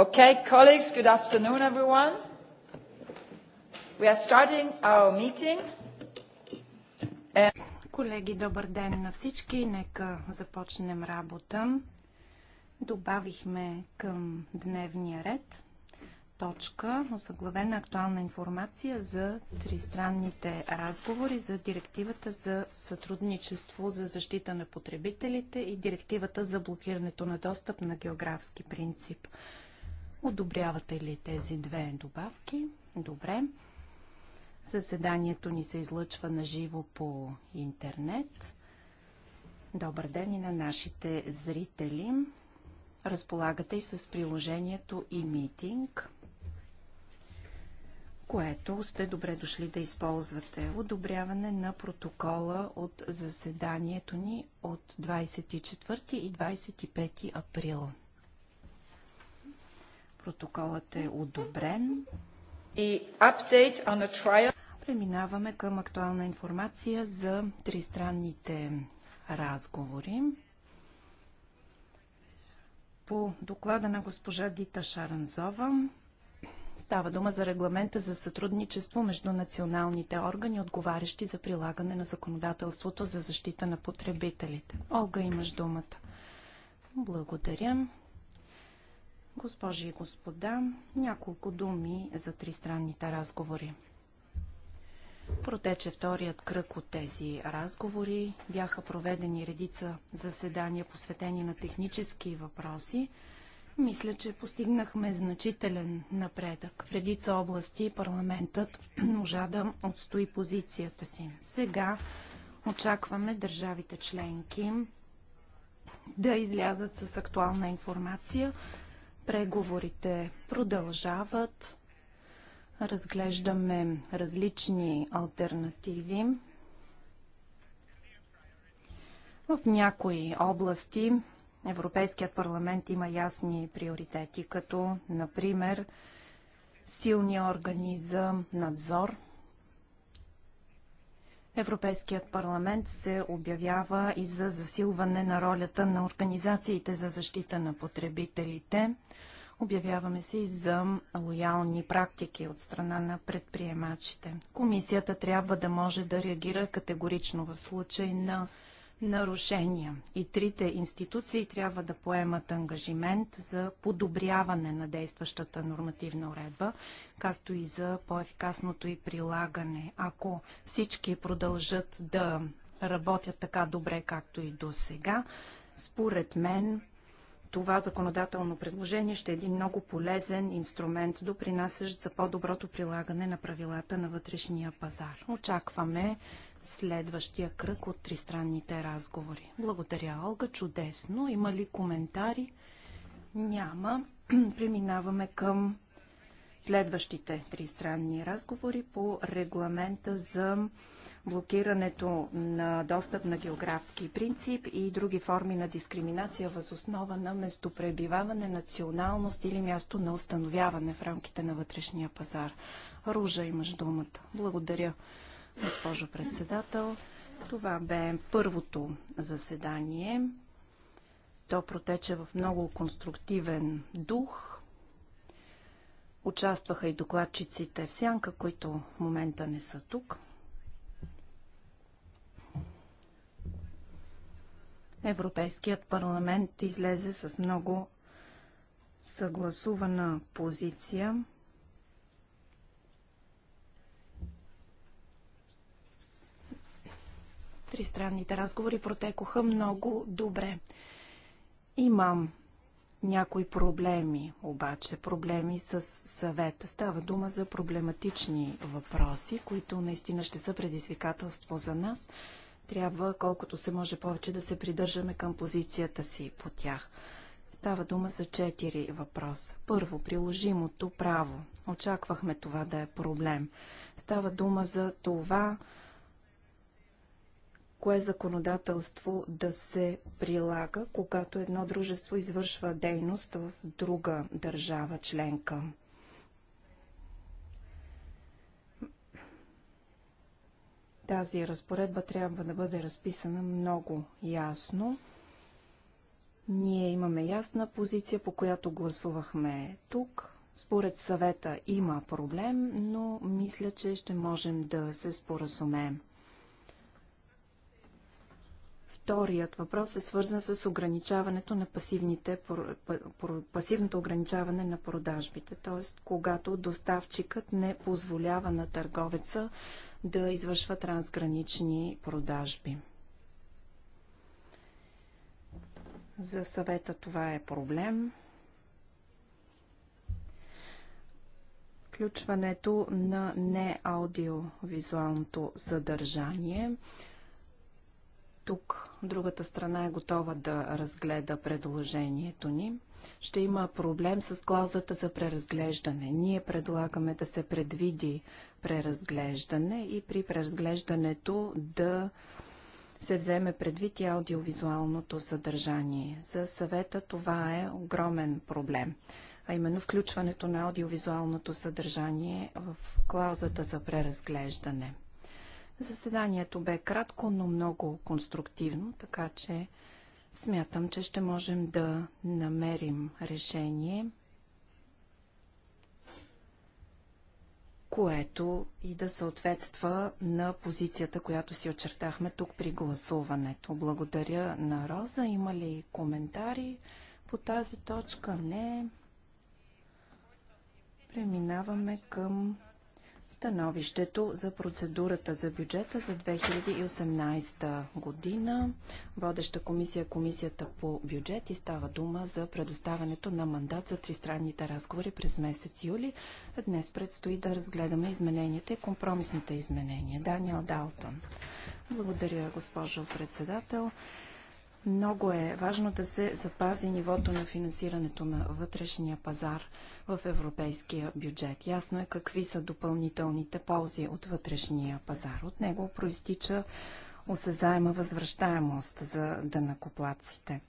Okay, colleagues, good afternoon, everyone. We are starting our meeting. Колеги, добър ден на всички. Нека започнем работа. Добавихме към дневния ред точка, заглавена актуална информация за тристранните разговори за директивата за сътрудничество за защита на потребителите и директивата за блокирането на достъп на географски принцип. Одобрявате ли тези две добавки? Добре. Съседанието ни се излъчва на живо по интернет. Добър ден и на нашите зрители. Разполагате и с приложението e-meeting, което сте добре дошли да използвате. Одобряване на протокола от заседанието ни от 24 и 25 април. Протоколът е одобрен. И апдейт на трайл. Преминаваме към актуална информация за тристранните разговори. По доклада на госпожа Дита Шаранзова става дума за регламента за сътрудничество между националните органи, отговарящи за прилагане на законодателството за защита на потребителите. Олга, имаш думата. Благодаря. Госпожи и господа, няколко думи за тристранните разговори. Протече вторият кръг от тези разговори. Бяха проведени редица заседания, посветени на технически въпроси. Мисля, че постигнахме значителен напредък. В редица области парламентът можа да отстои позицията си. Сега очакваме държавите членки да излязат с актуална информация Преговорите продължават. Разглеждаме различни альтернативи. В някои области Европейският парламент има ясни приоритети, като, например, силни органи за надзор. Европейският парламент се обявява и за засилване на ролята на организациите за защита на потребителите. Обявяваме се и за лоялни практики от страна на предприемачите. Комисията трябва да може да реагира категорично в случай на нарушения. И трите институции трябва да поемат ангажимент за подобряване на действащата нормативна уредба, както и за по-ефикасното и прилагане. Ако всички продължат да работят така добре, както и до сега, според мен това законодателно предложение ще е един много полезен инструмент, допринасящ за по-доброто прилагане на правилата на вътрешния пазар. Очакваме следващия кръг от тристранните разговори. Благодаря, Олга. Чудесно. Има ли коментари? Няма. Преминаваме към следващите тристранни разговори по регламента за блокирането на достъп на географски принцип и други форми на дискриминация въз основа на местопребиваване, националност или място на установяване в рамките на вътрешния пазар. Ружа имаш думата. Благодаря, госпожо председател. Това бе първото заседание. То протече в много конструктивен дух. Участваха и докладчиците в Сянка, които в момента не са тук. Европейският парламент излезе с много съгласувана позиция. Тристранните разговори протекоха много добре. Имам някои проблеми, обаче проблеми с съвета. Става дума за проблематични въпроси, които наистина ще са предизвикателство за нас. Трябва колкото се може повече да се придържаме към позицията си по тях. Става дума за четири въпроса. Първо, приложимото право. Очаквахме това да е проблем. Става дума за това, кое законодателство да се прилага, когато едно дружество извършва дейност в друга държава членка. Тази разпоредба трябва да бъде разписана много ясно. Ние имаме ясна позиция, по която гласувахме тук. Според съвета има проблем, но мисля, че ще можем да се споразумеем. Вторият въпрос е свързан с ограничаването на пасивните, пасивното ограничаване на продажбите, т.е. когато доставчикът не позволява на търговеца да извършва трансгранични продажби. За съвета това е проблем. Включването на неаудиовизуалното съдържание – тук другата страна е готова да разгледа предложението ни. Ще има проблем с клаузата за преразглеждане. Ние предлагаме да се предвиди преразглеждане и при преразглеждането да се вземе предвид и аудиовизуалното съдържание. За съвета това е огромен проблем, а именно включването на аудиовизуалното съдържание в клаузата за преразглеждане. Заседанието бе кратко, но много конструктивно, така че смятам, че ще можем да намерим решение, което и да съответства на позицията, която си очертахме тук при гласуването. Благодаря на Роза. Има ли коментари по тази точка? Не. Преминаваме към Становището за процедурата за бюджета за 2018 година. Водеща комисия е Комисията по бюджет и става дума за предоставянето на мандат за тристранните разговори през месец юли. Днес предстои да разгледаме измененията и компромисните изменения. Даниел Далтън. Благодаря, госпожо председател. Много е важно да се запази нивото на финансирането на вътрешния пазар в европейския бюджет. Ясно е какви са допълнителните ползи от вътрешния пазар. От него проистича осезаема възвръщаемост за дънакоплаците.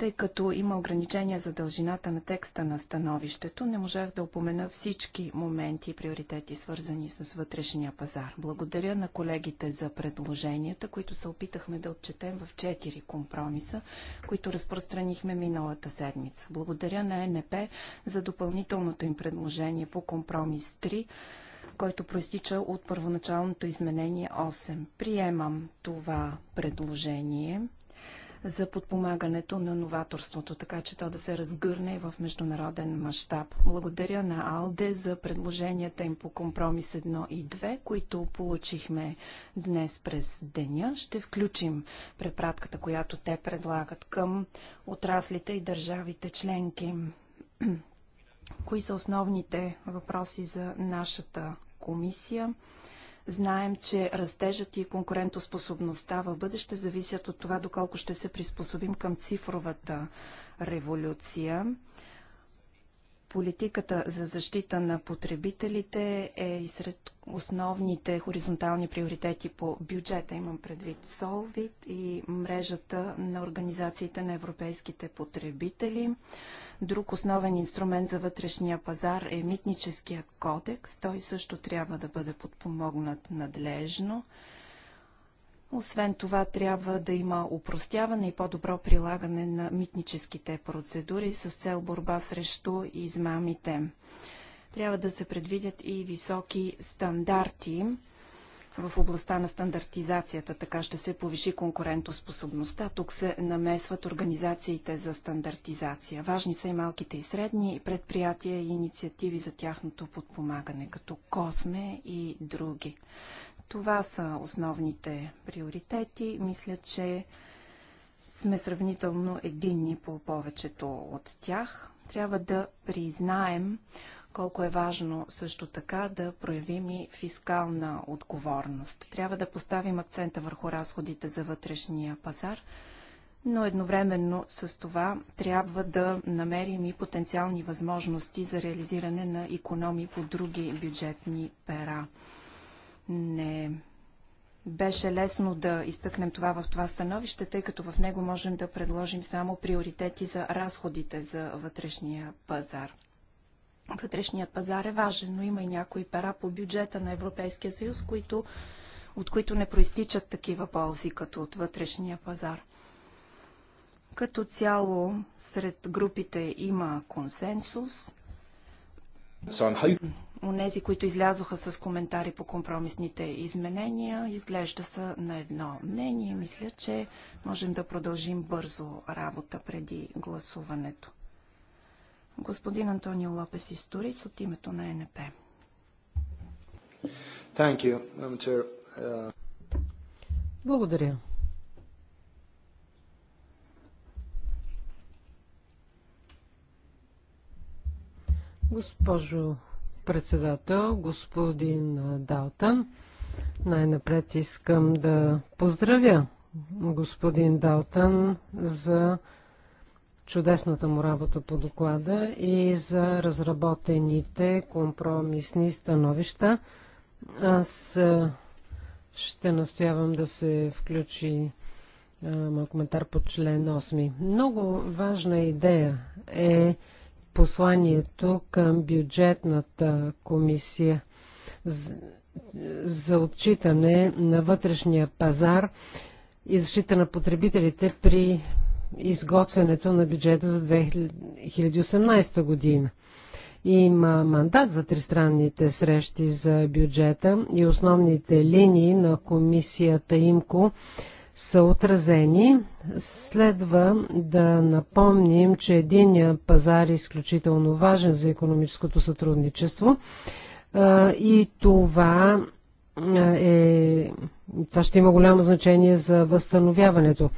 Тъй като има ограничения за дължината на текста на становището, не можах да опомена всички моменти и приоритети, свързани с вътрешния пазар. Благодаря на колегите за предложенията, които се опитахме да отчетем в четири компромиса, които разпространихме миналата седмица. Благодаря на НП за допълнителното им предложение по компромис 3 който проистича от първоначалното изменение 8. Приемам това предложение за подпомагането на новаторството, така че то да се разгърне в международен мащаб. Благодаря на Алде за предложенията им по компромис 1 и 2, които получихме днес през деня. Ще включим препратката, която те предлагат към отраслите и държавите членки. Кои са основните въпроси за нашата комисия? Знаем, че растежът и конкурентоспособността в бъдеще зависят от това доколко ще се приспособим към цифровата революция. Политиката за защита на потребителите е и сред основните хоризонтални приоритети по бюджета. Имам предвид Solvit и мрежата на организациите на европейските потребители. Друг основен инструмент за вътрешния пазар е митническия кодекс. Той също трябва да бъде подпомогнат надлежно. Освен това, трябва да има упростяване и по-добро прилагане на митническите процедури с цел борба срещу измамите. Трябва да се предвидят и високи стандарти в областта на стандартизацията. Така ще се повиши конкурентоспособността. Тук се намесват организациите за стандартизация. Важни са и малките и средни предприятия и инициативи за тяхното подпомагане, като Косме и други. Това са основните приоритети. Мисля, че сме сравнително единни по повечето от тях. Трябва да признаем колко е важно също така да проявим и фискална отговорност. Трябва да поставим акцента върху разходите за вътрешния пазар, но едновременно с това трябва да намерим и потенциални възможности за реализиране на економи по други бюджетни пера. Не беше лесно да изтъкнем това в това становище, тъй като в него можем да предложим само приоритети за разходите за вътрешния пазар. Вътрешният пазар е важен, но има и някои пера по бюджета на Европейския съюз, които, от които не проистичат такива ползи, като от вътрешния пазар. Като цяло сред групите има консенсус. Онези, които излязоха с коментари по компромисните изменения, изглежда са на едно мнение. Мисля, че можем да продължим бързо работа преди гласуването. Господин Антонио Лопес Историс от името на НП. Благодаря. Госпожо председател, господин Далтан. Най-напред искам да поздравя господин Далтан за чудесната му работа по доклада и за разработените компромисни становища. Аз ще настоявам да се включи а, коментар по член 8. Много важна идея е посланието към бюджетната комисия за отчитане на вътрешния пазар и защита на потребителите при изготвянето на бюджета за 2018 година. Има мандат за тристранните срещи за бюджета и основните линии на комисията ИМКО са отразени. Следва да напомним, че единия пазар е изключително важен за економическото сътрудничество и това е, това ще има голямо значение за възстановяването.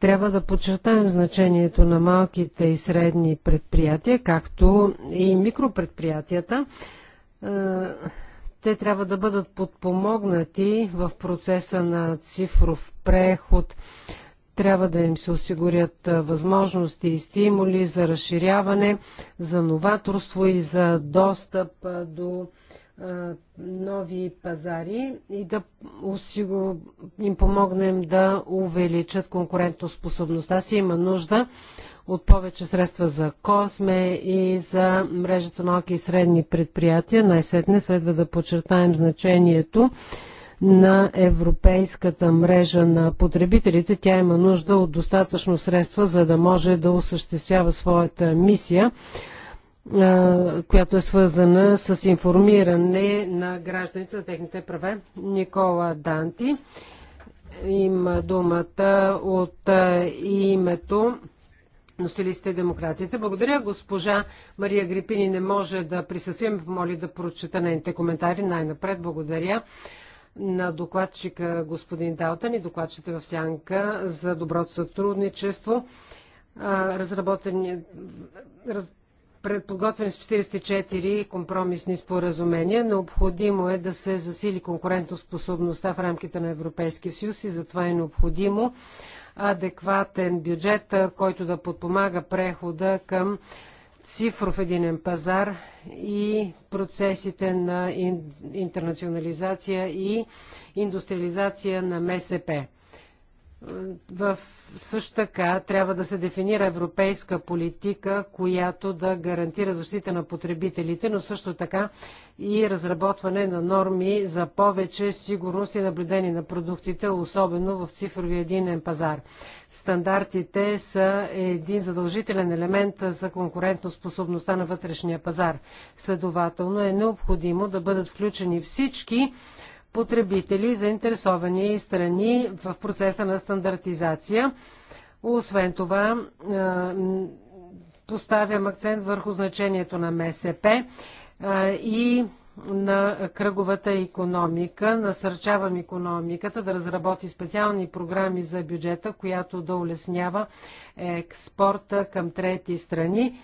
Трябва да подчертаем значението на малките и средни предприятия, както и микропредприятията те трябва да бъдат подпомогнати в процеса на цифров преход. Трябва да им се осигурят възможности и стимули за разширяване, за новаторство и за достъп до нови пазари и да им помогнем да увеличат конкурентоспособността си. Има нужда от повече средства за Косме и за мрежата малки и средни предприятия. Най-сетне следва да подчертаем значението на европейската мрежа на потребителите. Тя има нужда от достатъчно средства, за да може да осъществява своята мисия която е свързана с информиране на гражданите за техните права. Никола Данти има думата от името Носили сте и демократите. Благодаря. Госпожа Мария Грипини не може да присъства. Ме помоли да прочета нейните коментари. Най-напред благодаря на докладчика господин Далтан и докладчите в Сянка за доброто сътрудничество. предподготвени с 44 компромисни споразумения. Необходимо е да се засили конкурентоспособността в рамките на Европейския съюз и затова е необходимо адекватен бюджет, който да подпомага прехода към цифров единен пазар и процесите на интернационализация и индустриализация на МСП. В също така трябва да се дефинира европейска политика, която да гарантира защита на потребителите, но също така и разработване на норми за повече сигурност и наблюдение на продуктите, особено в цифрови единен пазар. Стандартите са един задължителен елемент за конкурентоспособността на вътрешния пазар. Следователно е необходимо да бъдат включени всички потребители заинтересовани страни в процеса на стандартизация. Освен това, поставям акцент върху значението на МСП и на кръговата економика. Насърчавам економиката да разработи специални програми за бюджета, която да улеснява експорта към трети страни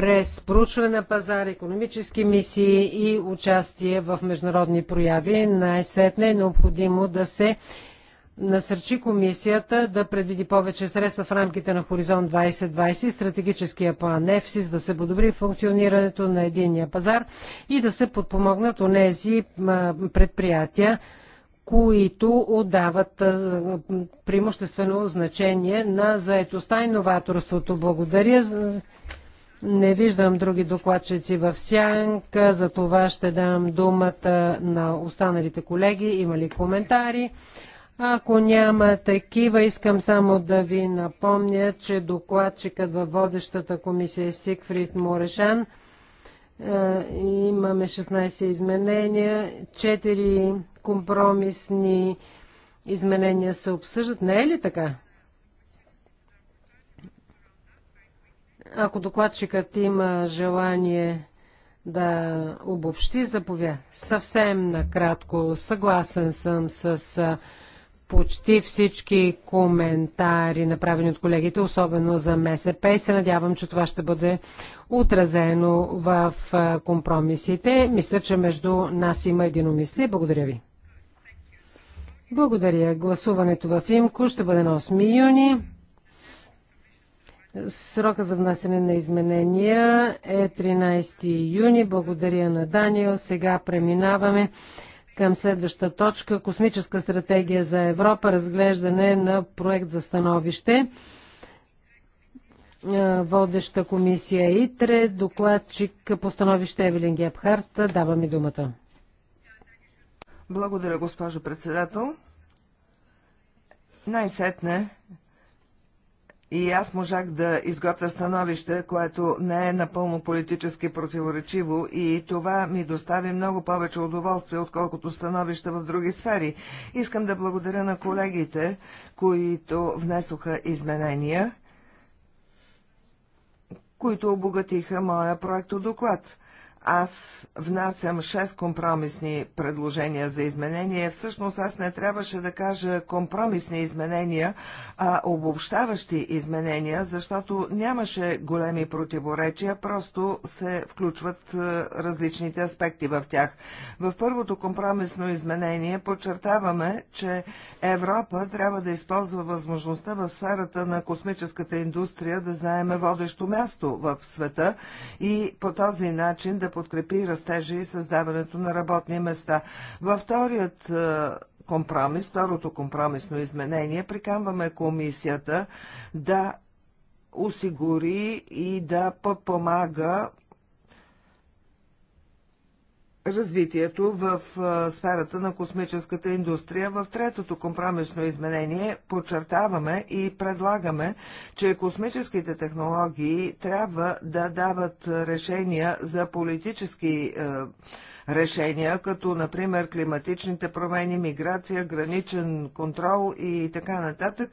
през проучване на пазар, економически мисии и участие в международни прояви. Най-сетне е необходимо да се насърчи комисията да предвиди повече средства в рамките на Хоризонт 2020 и стратегическия план ЕФСИС да се подобри функционирането на единия пазар и да се подпомогнат нези предприятия, които отдават преимуществено значение на заетостта и новаторството. Благодаря. Не виждам други докладчици в сянка, за това ще дам думата на останалите колеги. Има ли коментари? Ако няма такива, искам само да ви напомня, че докладчикът във водещата комисия е Сигфрид Морешан. Е, имаме 16 изменения, 4 компромисни изменения се обсъждат. Не е ли така? Ако докладчикът има желание да обобщи, заповя. Съвсем накратко, съгласен съм с почти всички коментари, направени от колегите, особено за МСП и се надявам, че това ще бъде отразено в компромисите. Мисля, че между нас има единомисли. Благодаря ви. Благодаря. Гласуването в ИМКО ще бъде на 8 юни. Срока за внасяне на изменения е 13 юни. Благодаря на Даниел. Сега преминаваме към следваща точка. Космическа стратегия за Европа. Разглеждане на проект за становище. Водеща комисия ИТРЕ. Докладчик по становище Евелин Гепхарт. Дава ми думата. Благодаря, госпожо председател. Най-сетне и аз можах да изготвя становище, което не е напълно политически противоречиво и това ми достави много повече удоволствие, отколкото становища в други сфери. Искам да благодаря на колегите, които внесоха изменения, които обогатиха моя проекто доклад аз внасям 6 компромисни предложения за изменение. Всъщност аз не трябваше да кажа компромисни изменения, а обобщаващи изменения, защото нямаше големи противоречия, просто се включват е, различните аспекти в тях. В първото компромисно изменение подчертаваме, че Европа трябва да използва възможността в сферата на космическата индустрия да заеме водещо място в света и по този начин да подкрепи растежа и създаването на работни места. Във вторият е, компромис, второто компромисно изменение, приканваме комисията да осигури и да подпомага развитието в сферата на космическата индустрия. В третото компромисно изменение подчертаваме и предлагаме, че космическите технологии трябва да дават решения за политически е, решения, като например климатичните промени, миграция, граничен контрол и така нататък.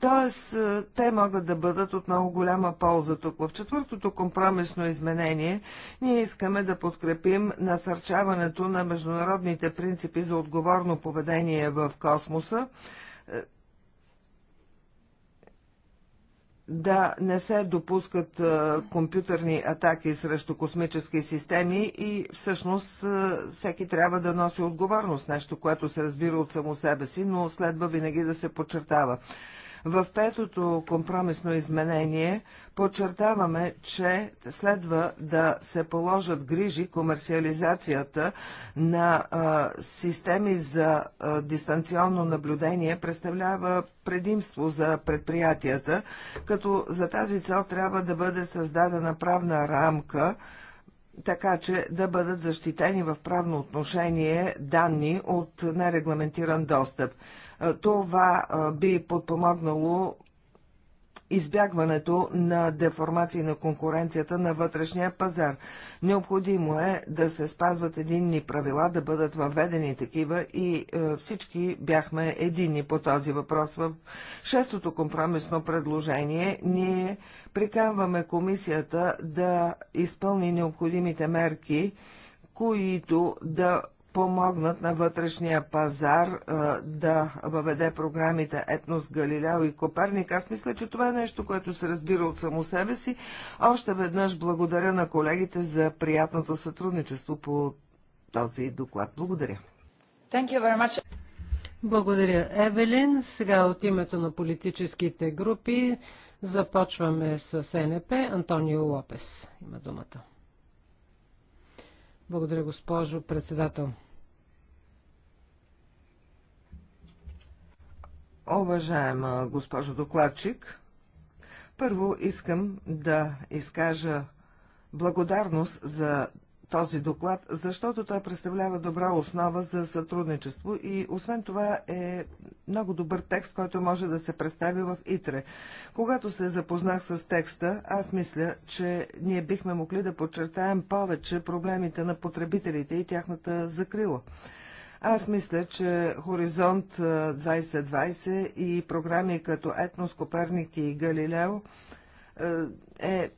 Тоест, е, те могат да бъдат от много голяма полза тук. В четвъртото компромисно изменение ние искаме да подкрепим насърчаването на международните принципи за отговорно поведение в космоса, е, да не се допускат компютърни атаки срещу космически системи и всъщност всеки трябва да носи отговорност, нещо, което се разбира от само себе си, но следва винаги да се подчертава. В петото компромисно изменение подчертаваме, че следва да се положат грижи комерциализацията на а, системи за а, дистанционно наблюдение представлява предимство за предприятията, като за тази цел трябва да бъде създадена правна рамка, така че да бъдат защитени в правно отношение данни от нерегламентиран достъп. Това би подпомогнало избягването на деформации на конкуренцията на вътрешния пазар. Необходимо е да се спазват единни правила, да бъдат въведени такива и е, всички бяхме едини по този въпрос. В шестото компромисно предложение ние приканваме комисията да изпълни необходимите мерки, които да помогнат на вътрешния пазар а, да въведе програмите Етнос, Галилео и Коперник. Аз мисля, че това е нещо, което се разбира от само себе си. Още веднъж благодаря на колегите за приятното сътрудничество по този доклад. Благодаря. Thank you very much. Благодаря, Евелин. Сега от името на политическите групи започваме с НП. Антонио Лопес има думата. Благодаря, госпожо председател. Уважаема госпожо докладчик, първо искам да изкажа благодарност за този доклад, защото той представлява добра основа за сътрудничество и освен това е много добър текст, който може да се представи в ИТРЕ. Когато се запознах с текста, аз мисля, че ние бихме могли да подчертаем повече проблемите на потребителите и тяхната закрила. Аз мисля, че Хоризонт 2020 и програми като Етнос, Коперник и Галилео е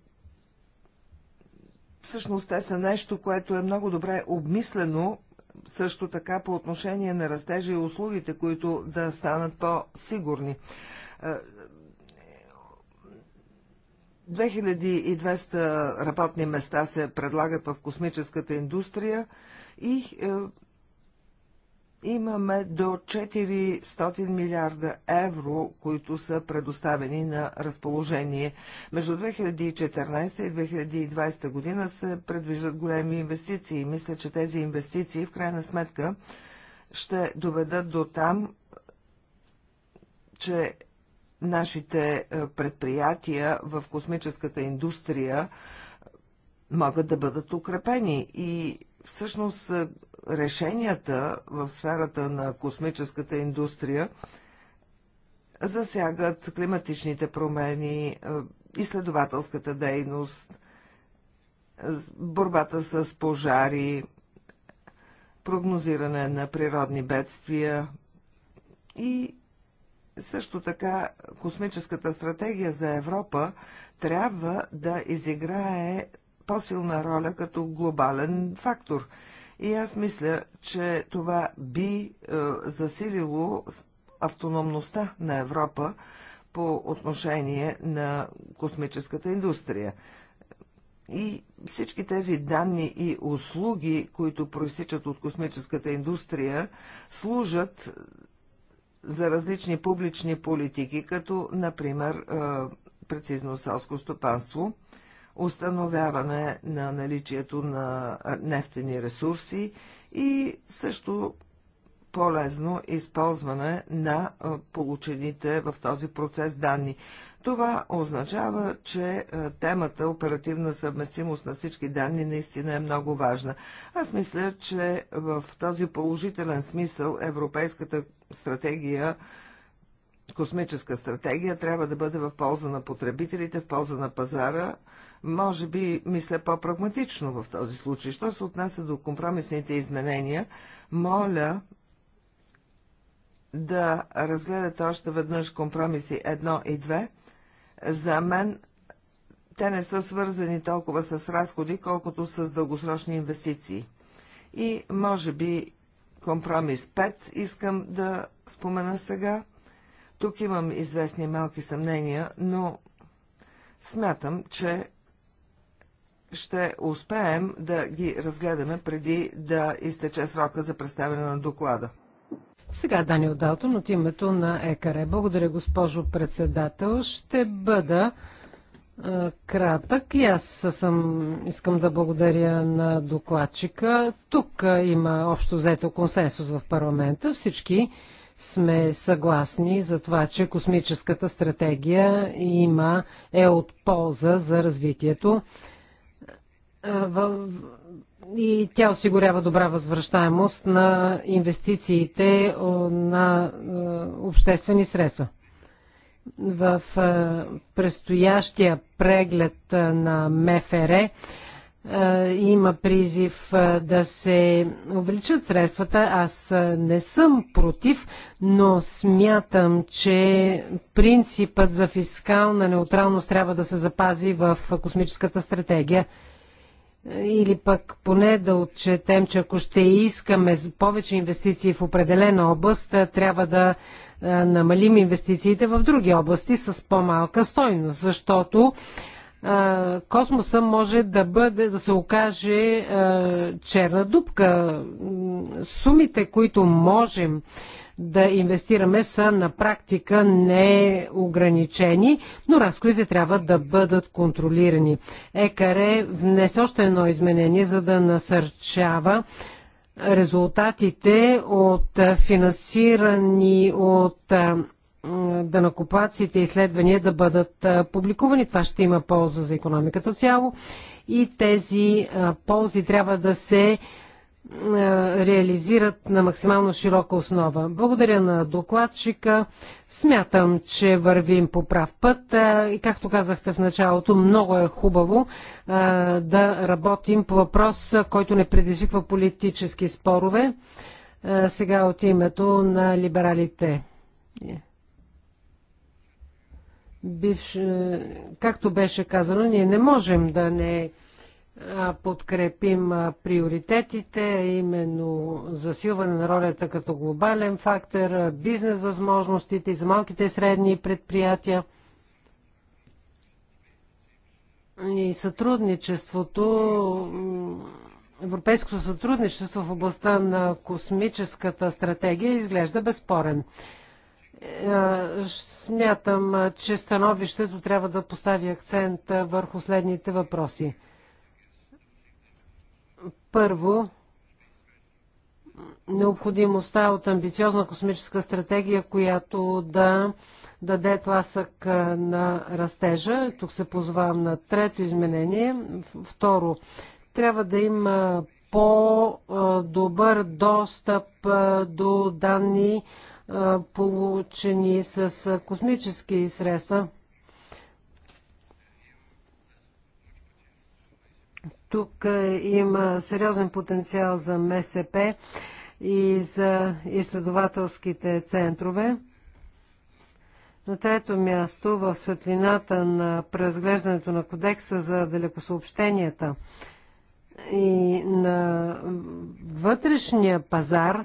всъщност те са нещо, което е много добре обмислено също така по отношение на растежа и услугите, които да станат по-сигурни. 2200 работни места се предлагат в космическата индустрия и е, имаме до 400 милиарда евро, които са предоставени на разположение. Между 2014 и 2020 година се предвиждат големи инвестиции. Мисля, че тези инвестиции в крайна сметка ще доведат до там, че нашите е, предприятия в космическата индустрия могат да бъдат укрепени и всъщност е, решенията в сферата на космическата индустрия засягат климатичните промени, е, изследователската дейност, борбата с пожари, прогнозиране на природни бедствия и също така космическата стратегия за Европа трябва да изиграе по-силна роля като глобален фактор – и аз мисля, че това би е, засилило автономността на Европа по отношение на космическата индустрия. И всички тези данни и услуги, които проистичат от космическата индустрия, служат за различни публични политики, като, например, е, прецизно селско стопанство – установяване на наличието на нефтени ресурси и също по-лесно използване на получените в този процес данни. Това означава, че темата оперативна съвместимост на всички данни наистина е много важна. Аз мисля, че в този положителен смисъл Европейската стратегия космическа стратегия трябва да бъде в полза на потребителите, в полза на пазара, може би мисля по-прагматично в този случай. Що се отнася до компромисните изменения, моля да разгледате още веднъж компромиси 1 и 2. За мен те не са свързани толкова с разходи, колкото с дългосрочни инвестиции. И може би компромис 5 искам да спомена сега. Тук имам известни малки съмнения, но смятам, че ще успеем да ги разгледаме преди да изтече срока за представяне на доклада. Сега Данил Далтон от името на ЕКАРЕ. Благодаря, госпожо председател. Ще бъда е, кратък и аз съм, искам да благодаря на докладчика. Тук има общо взето консенсус в парламента. Всички сме съгласни за това, че космическата стратегия има, е от полза за развитието и тя осигурява добра възвръщаемост на инвестициите на обществени средства. В предстоящия преглед на МФР има призив да се увеличат средствата. Аз не съм против, но смятам, че принципът за фискална неутралност трябва да се запази в космическата стратегия или пък поне да отчетем, че ако ще искаме повече инвестиции в определена област, трябва да намалим инвестициите в други области с по-малка стойност, защото космоса може да, бъде, да се окаже черна дупка. Сумите, които можем да инвестираме са на практика неограничени, но разходите трябва да бъдат контролирани. ЕКАРЕ внесе още едно изменение, за да насърчава резултатите от финансирани от данакопаците изследвания да бъдат публикувани. Това ще има полза за економиката цяло и тези ползи трябва да се е, реализират на максимално широка основа. Благодаря на докладчика. Смятам, че вървим по прав път е, и както казахте в началото, много е хубаво е, да работим по въпрос, който не предизвиква политически спорове. Сега от името на либералите. Бивш... Както беше казано, ние не можем да не подкрепим приоритетите, именно засилване на ролята като глобален фактор, бизнес възможностите и за малките и средни предприятия и сътрудничеството, европейското сътрудничество в областта на космическата стратегия изглежда безспорен. Е, смятам, че становището трябва да постави акцент върху следните въпроси – първо, необходимостта от амбициозна космическа стратегия, която да даде тласък на растежа. Тук се позвавам на трето изменение. Второ, трябва да има по-добър достъп до данни, получени с космически средства. Тук е, има сериозен потенциал за МСП и за изследователските центрове. На трето място, в светлината на преразглеждането на кодекса за далекосъобщенията и на вътрешния пазар,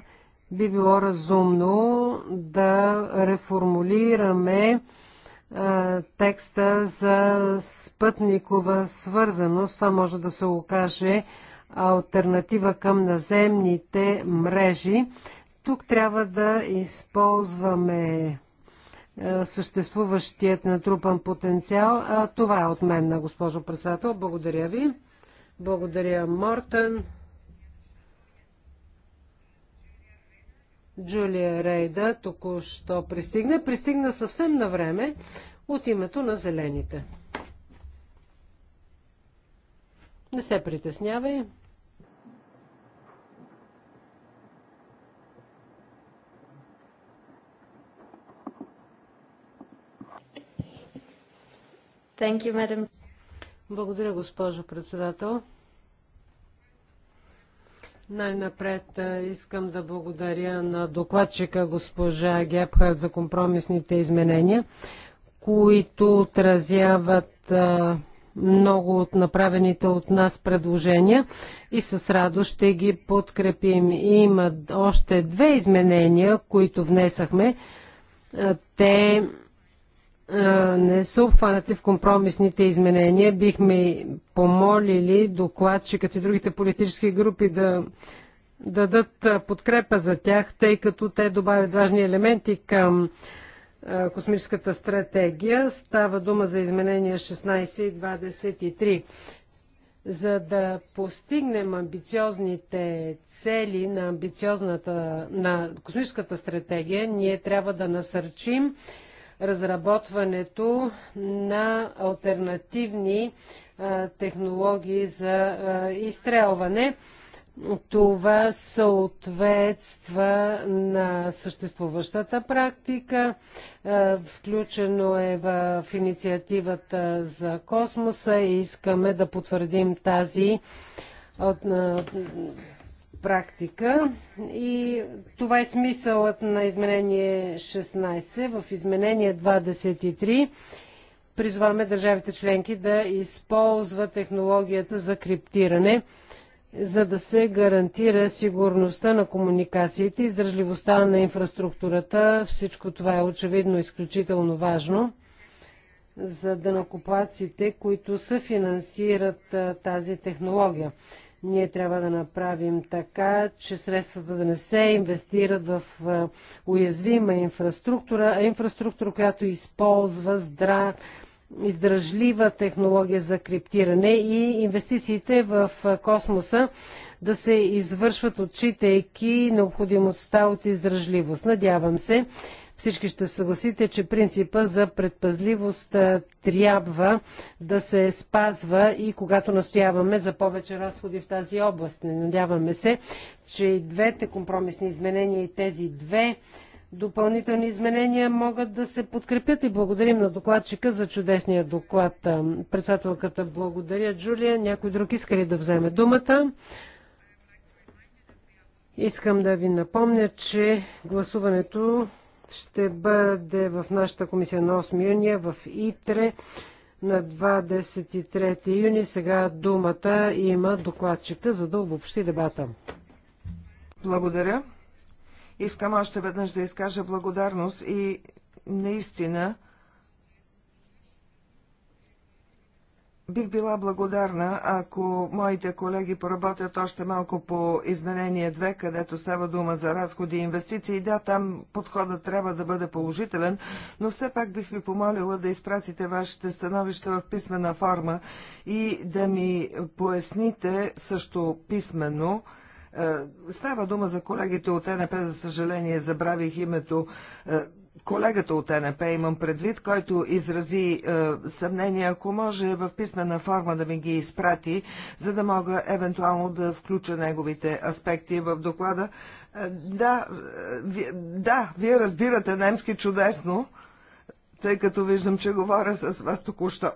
би било разумно да реформулираме текста за спътникова свързаност. Това може да се окаже альтернатива към наземните мрежи. Тук трябва да използваме съществуващият натрупан потенциал. това е от мен, на госпожо председател. Благодаря ви. Благодаря, Мортън. Джулия Рейда току-що пристигна. Пристигна съвсем на време от името на зелените. Не се притеснявай. You, Благодаря, госпожо председател. Най-напред искам да благодаря на докладчика госпожа Гепхард за компромисните изменения, които отразяват много от направените от нас предложения и с радост ще ги подкрепим. Има още две изменения, които внесахме. Те не са обхванати в компромисните изменения. Бихме помолили докладчикът и другите политически групи да дадат подкрепа за тях, тъй като те добавят важни елементи към космическата стратегия. Става дума за изменения 16 и 23. За да постигнем амбициозните цели на, амбициозната, на космическата стратегия, ние трябва да насърчим разработването на альтернативни технологии за изстрелване. Това съответства на съществуващата практика. включено е в, инициативата за космоса и искаме да потвърдим тази практика и това е смисълът на изменение 16. В изменение 23 призваме държавите членки да използват технологията за криптиране, за да се гарантира сигурността на комуникациите, издържливостта на инфраструктурата. Всичко това е очевидно изключително важно за дънакоплаците, които съфинансират тази технология. Ние трябва да направим така, че средствата да не се инвестират в уязвима инфраструктура, а инфраструктура, която използва здрав издръжлива технология за криптиране и инвестициите в космоса да се извършват отчитайки необходимостта от издръжливост. Надявам се, всички ще съгласите, че принципа за предпазливост трябва да се спазва и когато настояваме за повече разходи в тази област. Не надяваме се, че и двете компромисни изменения и тези две допълнителни изменения могат да се подкрепят и благодарим на докладчика за чудесния доклад. Председателката благодаря Джулия. Някой друг иска ли да вземе думата? Искам да ви напомня, че гласуването ще бъде в нашата комисия на 8 юни, в ИТРЕ на 23 юни. Сега думата има докладчика, за да обобщи дебата. Благодаря. Искам още веднъж да изкажа благодарност и наистина Бих била благодарна, ако моите колеги поработят още малко по изменение 2, където става дума за разходи и инвестиции. Да, там подходът трябва да бъде положителен, но все пак бих ви помолила да изпратите вашите становища в писмена форма и да ми поясните също писменно, е, Става дума за колегите от НП, за съжаление забравих името. Е, колегата от НП имам предвид, който изрази е, съмнение, ако може в писмена форма да ми ги изпрати, за да мога евентуално да включа неговите аспекти в доклада. Е, да, е, да, вие разбирате немски чудесно, тъй като виждам, че говоря с вас току-що.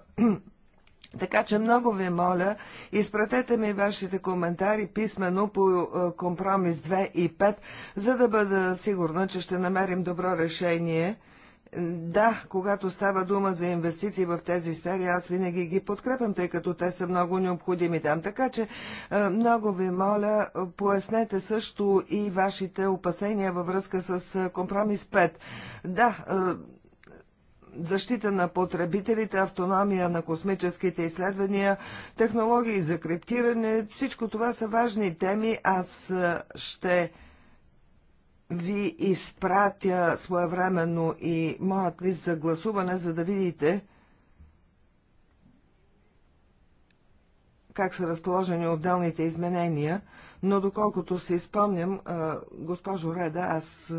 Така че много ви моля, изпратете ми вашите коментари писменно по е, компромис 2 и 5, за да бъда сигурна, че ще намерим добро решение. Да, когато става дума за инвестиции в тези сфери, аз винаги ги подкрепям, тъй като те са много необходими там. Така че е, много ви моля, пояснете също и вашите опасения във връзка с е, компромис 5. Да, защита на потребителите, автономия на космическите изследвания, технологии за криптиране. Всичко това са важни теми. Аз ще ви изпратя своевременно и моят лист за гласуване, за да видите как са разположени отделните изменения, но доколкото си спомням, госпожо Реда, аз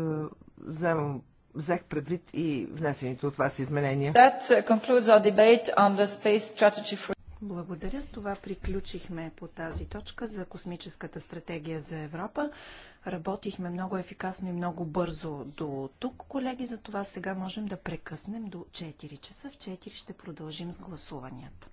вземам взех предвид и внесените от вас изменения. Uh, Благодаря. С това приключихме по тази точка за космическата стратегия за Европа. Работихме много ефикасно и много бързо до тук, колеги. За това сега можем да прекъснем до 4 часа. В 4 ще продължим с гласуванията.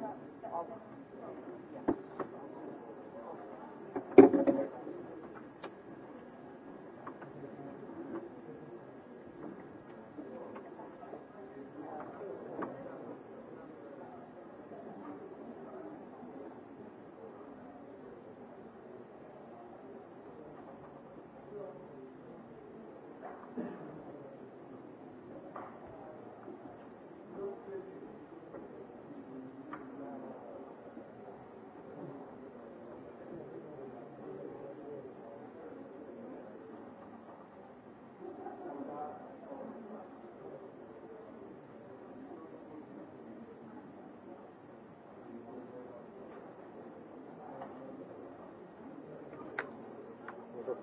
да.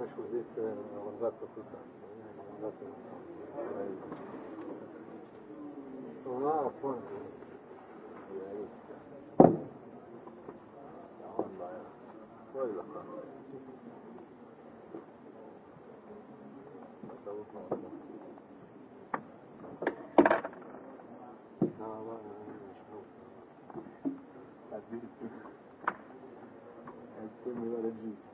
нашел здесь организация Това е опънка. Thank you.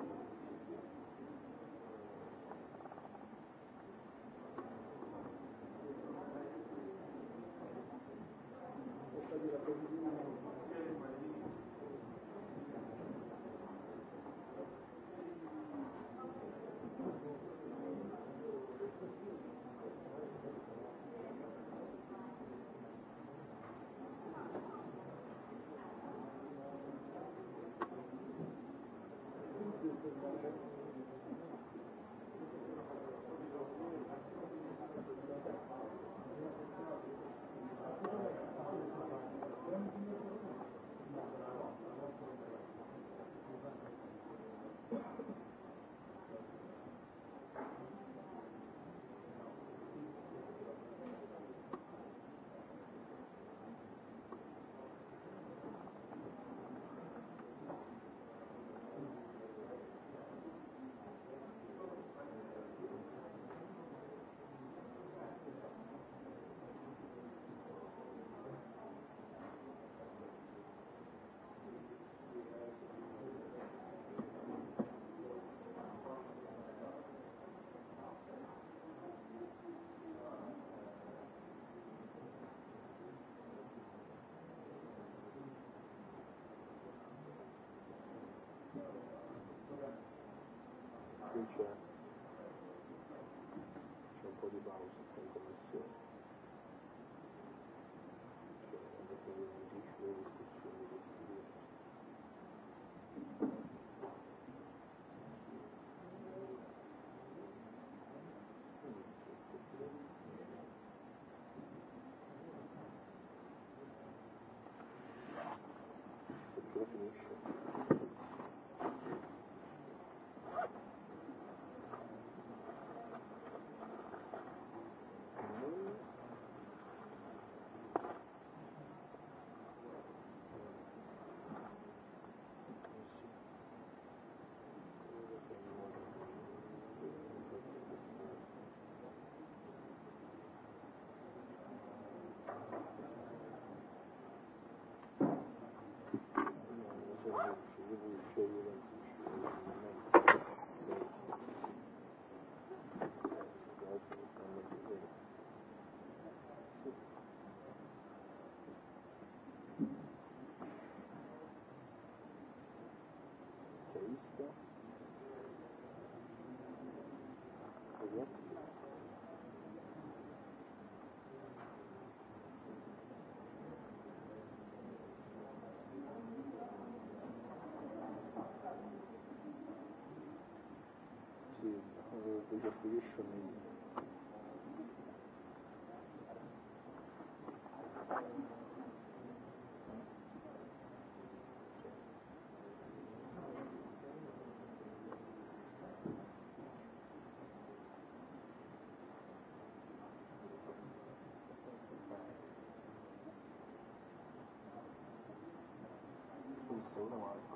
qui c'è un po' di pausa in commissione cioè dopo 10 minuti Thank you. positioning. Thank you.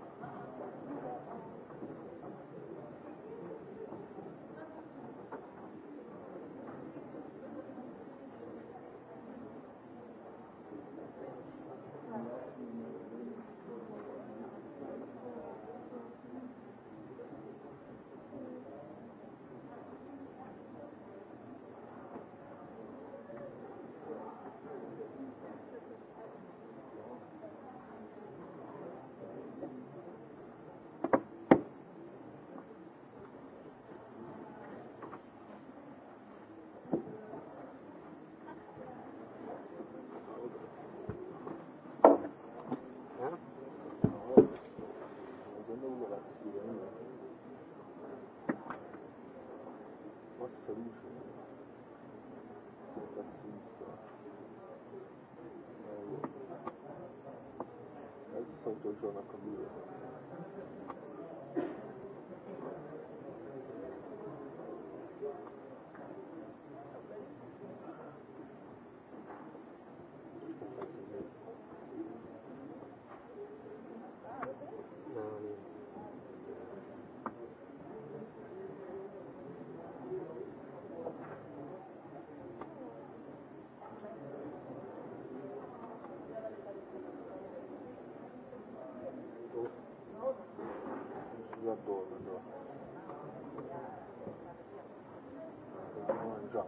на комисията. 多的，对吧？嗯，这样。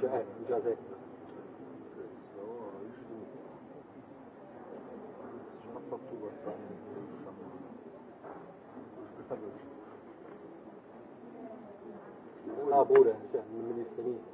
Cioè, già detto. Ah pure, cioè, non mi disse niente.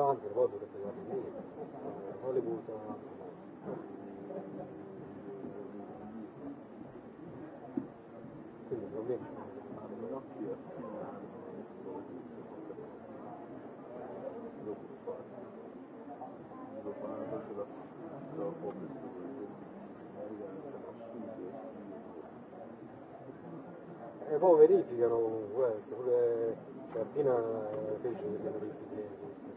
Anker, Hollywood. Hollywood. Quindi non viene a fare E poi verificano comunque, pure Cardina fece delle verifiche.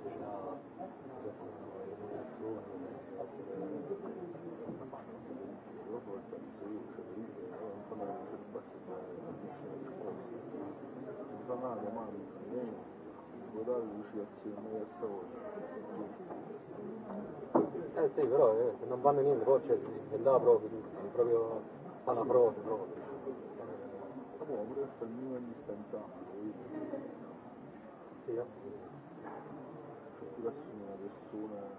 Eh sì, però eh, se non vanno niente poi c'è è là proprio tutto, proprio fa una prova proprio. Vabbè, pure il mio indispensabile. Sì, verso una persona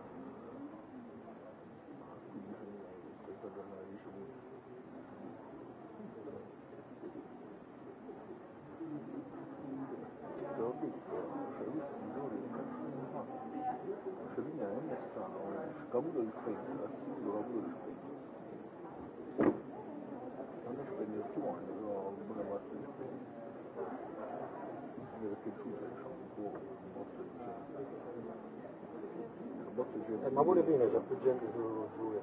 a ma pure prima c'è più gente su Giulia.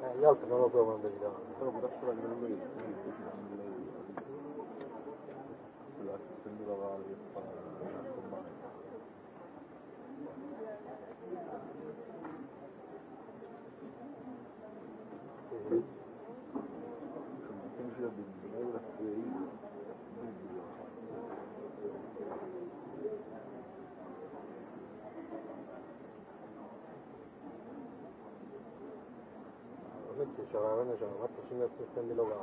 Eh, gli altri non lo so quando gli danno. Però pure quella che non quella che fa la bueno, yo me mato, si me asisten de lugar,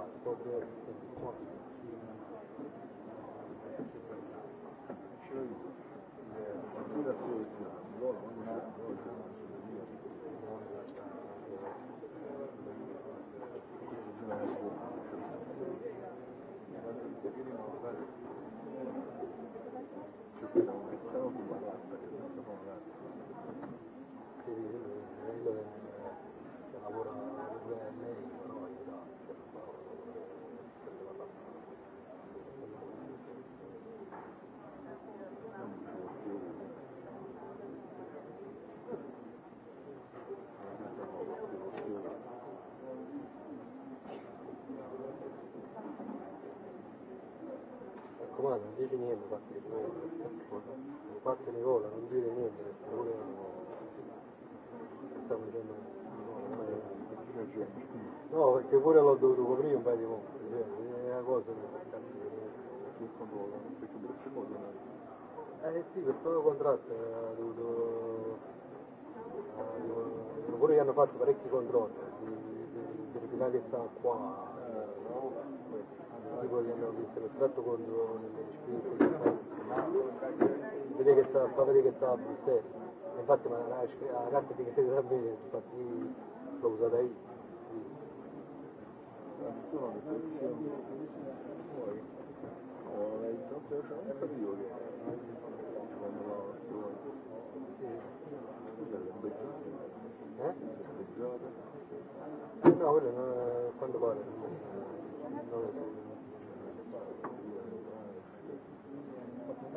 Yeah. parte di gola, non dire niente, perché sta facendo No, perché pure l'ho dovuto coprire un paio di volte, cioè, è una cosa che che controlla, perché grosso modo Eh sì, per tutto il contratto ha dovuto pure che hanno fatto parecchi controlli verificare che stanno qua tipo che hanno visto l'estratto con le spese deve che sta, papà che sta a Bruxelles. Infatti ma la, carta di che siete bene, infatti l'ho usata io. Eh? No, quello non, quando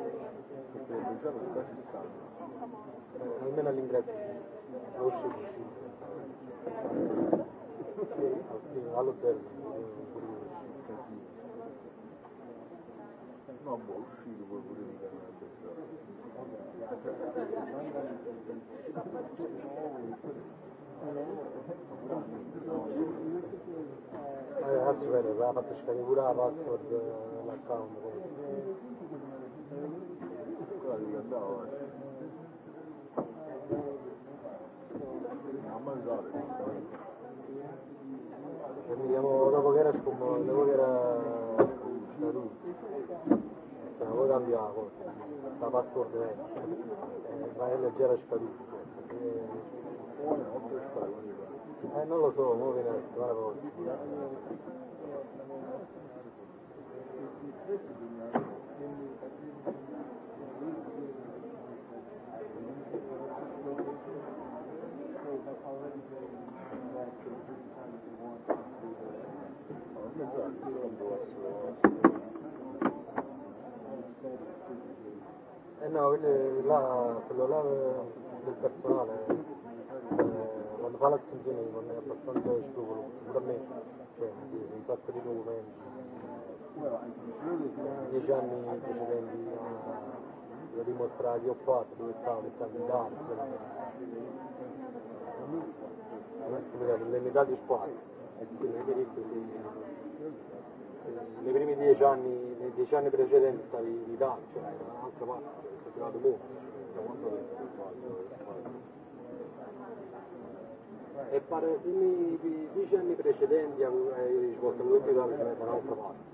perché il Giacomo sta fissando, almeno all'ingresso, lo uscito, uscito. All'hotel, casino. No, boh, uscito poi pure di canale. Adesso bene, ha fatto scaricare pure la password, l'account. Emiliamo dopo che era scomodo, dopo Eh, non lo so, muove la Thank you. no, la, quello là del personale, quando fa l'accensione non è abbastanza scrupolo, pure a me, cioè, un sacco di documenti, dieci anni precedenti a, a dimostrare che ho fatto, dove stavo, che stavo in Italia, le metà di squadra, quindi mi diritto sì nei primi dieci anni, nei dieci anni precedenti stavi in Italia, cioè da un'altra parte, sei molto, da quanto E pare se nei dieci anni precedenti hai svolto molto in Italia, cioè era un'altra parte.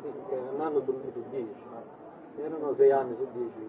Quindi un anno su dieci, se erano sei anni su dieci.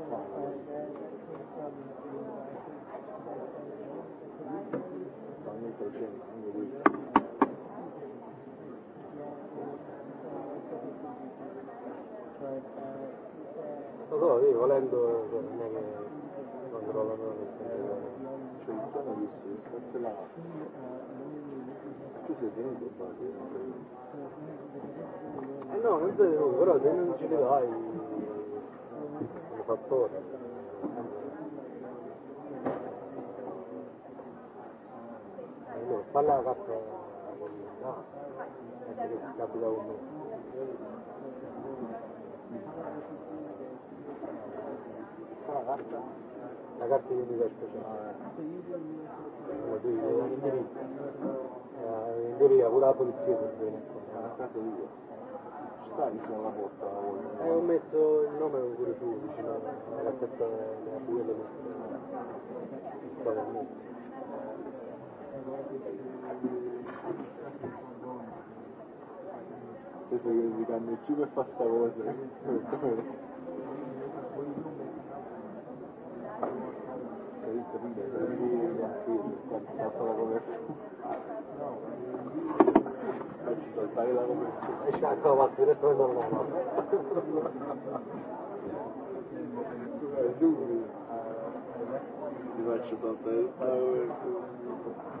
Lo so, io volendo cioè, non è che controllano nel senso che cioè tono di si là tu sei venuto a fare no, non sei venuto, però se non ci vedrai è un fattore los palabras la carta di università in teoria pure la polizia per bene a casa di sta vicino alla porta ho messo il nome pure tu vicino alla testa della buia della Sento che si canne cibo e pasta cosa. Capito, quindi sei lì a chiedere quanto fatto la copertura. Facci saltare la copertura. E c'è anche la pasta diretta per la mamma. Ti faccio saltare la copertura.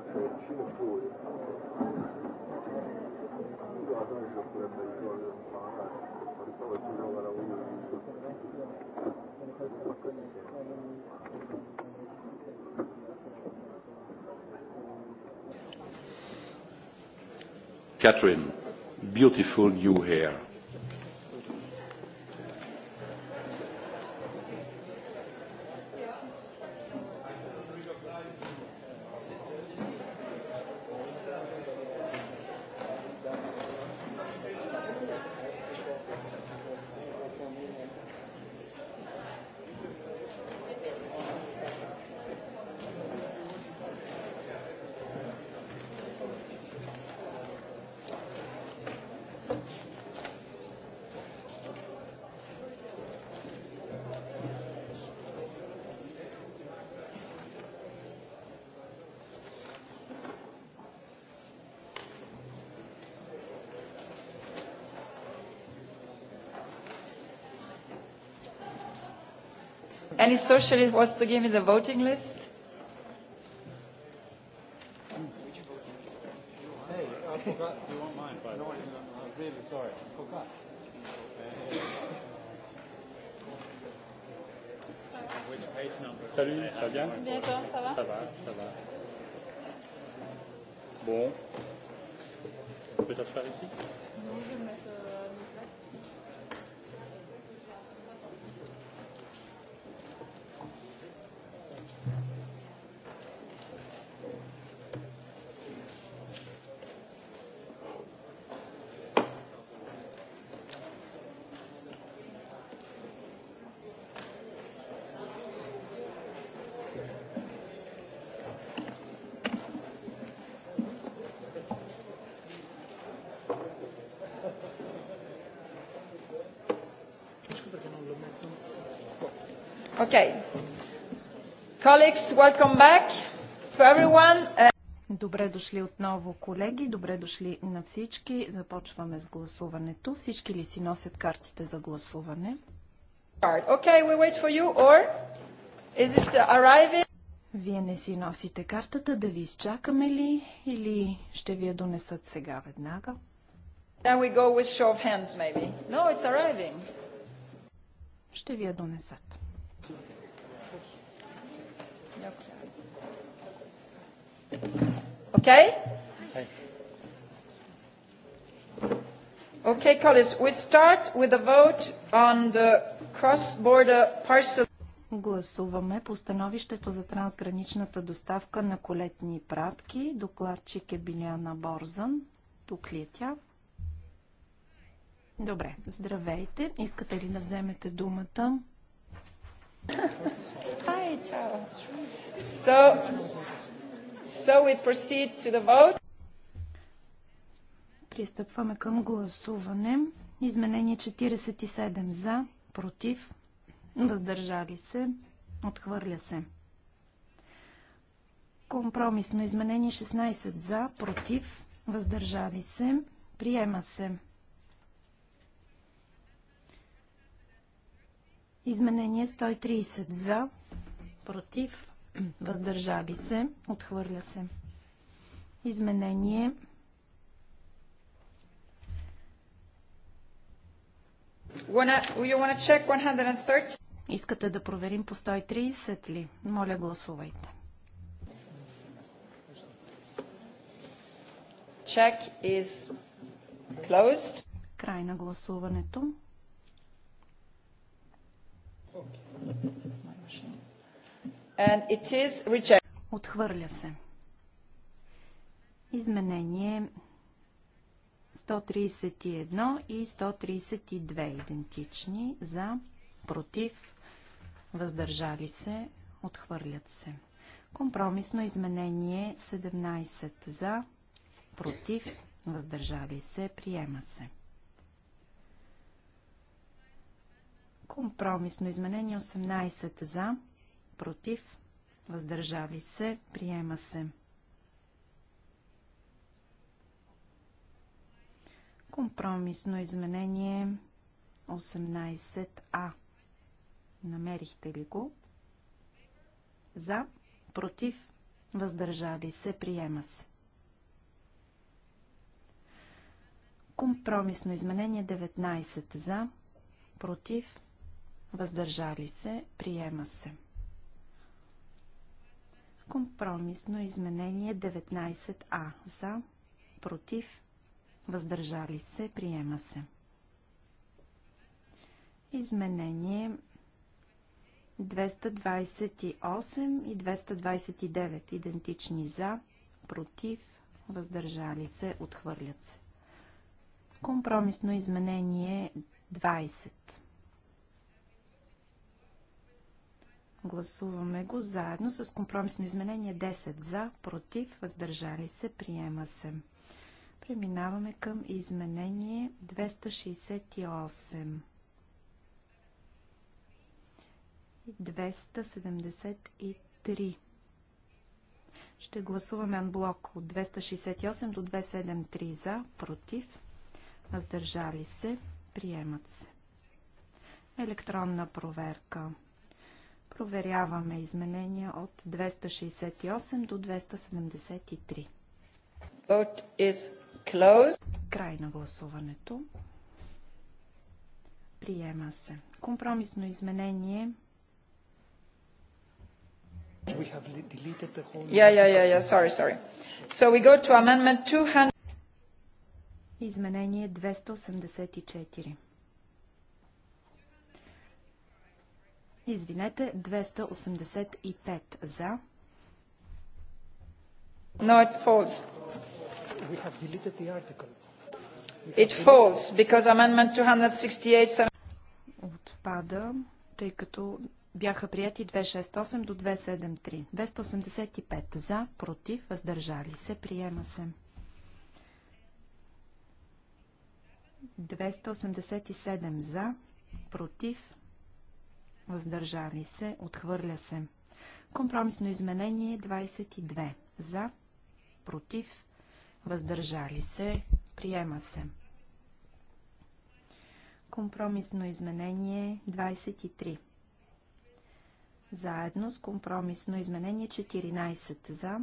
fuori. la pure il pensavo che non uno di Catherine, beautiful new hair. Any socialist wants to give me the voting list? Hey, I forgot. You by the way. I'm really sorry. I forgot. Salut, ça va bien ça va Ça va, ça va. Bon. ici Non, je vais mettre Добре дошли отново, колеги. Добре дошли на всички. Започваме с гласуването. Всички ли си носят картите за гласуване? Okay, we wait for you, or is it arriving? Вие не си носите картата, да ви изчакаме ли или ще ви я донесат сега веднага? Then we go with show of hands, maybe. No, it's arriving. Ще ви я донесат. Okay? Okay, colleagues, we start with a vote on the cross-border parcel. Гласуваме по становището за трансграничната доставка на колетни пратки. Докладчик е Билиана Борзан. Тук ли е тя? Добре, здравейте. Искате ли да вземете думата? Хай, чао. So, So we proceed to the vote. Пристъпваме към гласуване. Изменение 47 за, против, въздържали се, отхвърля се. Компромисно изменение 16 за, против, въздържали се, приема се. Изменение 130 за, против, Въздържали се. Отхвърля се. Изменение. Искате да проверим по 130 ли? Моля, гласувайте. Check is closed. Край на гласуването. Okay. Отхвърля се. Изменение 131 и 132 идентични за, против, въздържали се, отхвърлят се. Компромисно изменение 17 за, против, въздържали се, приема се. Компромисно изменение 18 за, против, въздържали се, приема се. Компромисно изменение 18А. Намерихте ли го? За, против, въздържали се, приема се. Компромисно изменение 19 за, против, въздържали се, приема се. Компромисно изменение 19А. За, против, въздържали се, приема се. Изменение 228 и 229 идентични за, против, въздържали се, отхвърлят се. Компромисно изменение 20 Гласуваме го заедно с компромисно изменение 10 за, против, въздържали се, приема се. Преминаваме към изменение 268 и 273. Ще гласуваме анблок от 268 до 273 за, против, въздържали се, приемат се. Електронна проверка. Проверяваме изменения от 268 до 273. Vote is closed. Край на гласуването. Приема се. Компромисно изменение. Whole... Yeah, yeah, yeah, yeah. Sorry, sorry. So we go to amendment 200. Изменение 284. Извинете, 285 за. No, it falls. We have deleted the article. It falls because amendment 268 отпада, тъй като бяха прияти 268 до 273. 285 за, против, въздържали се, приема се. 287 за, против, въздържали се, отхвърля се. Компромисно изменение 22. За, против, въздържали се, приема се. Компромисно изменение 23. Заедно с компромисно изменение 14. За,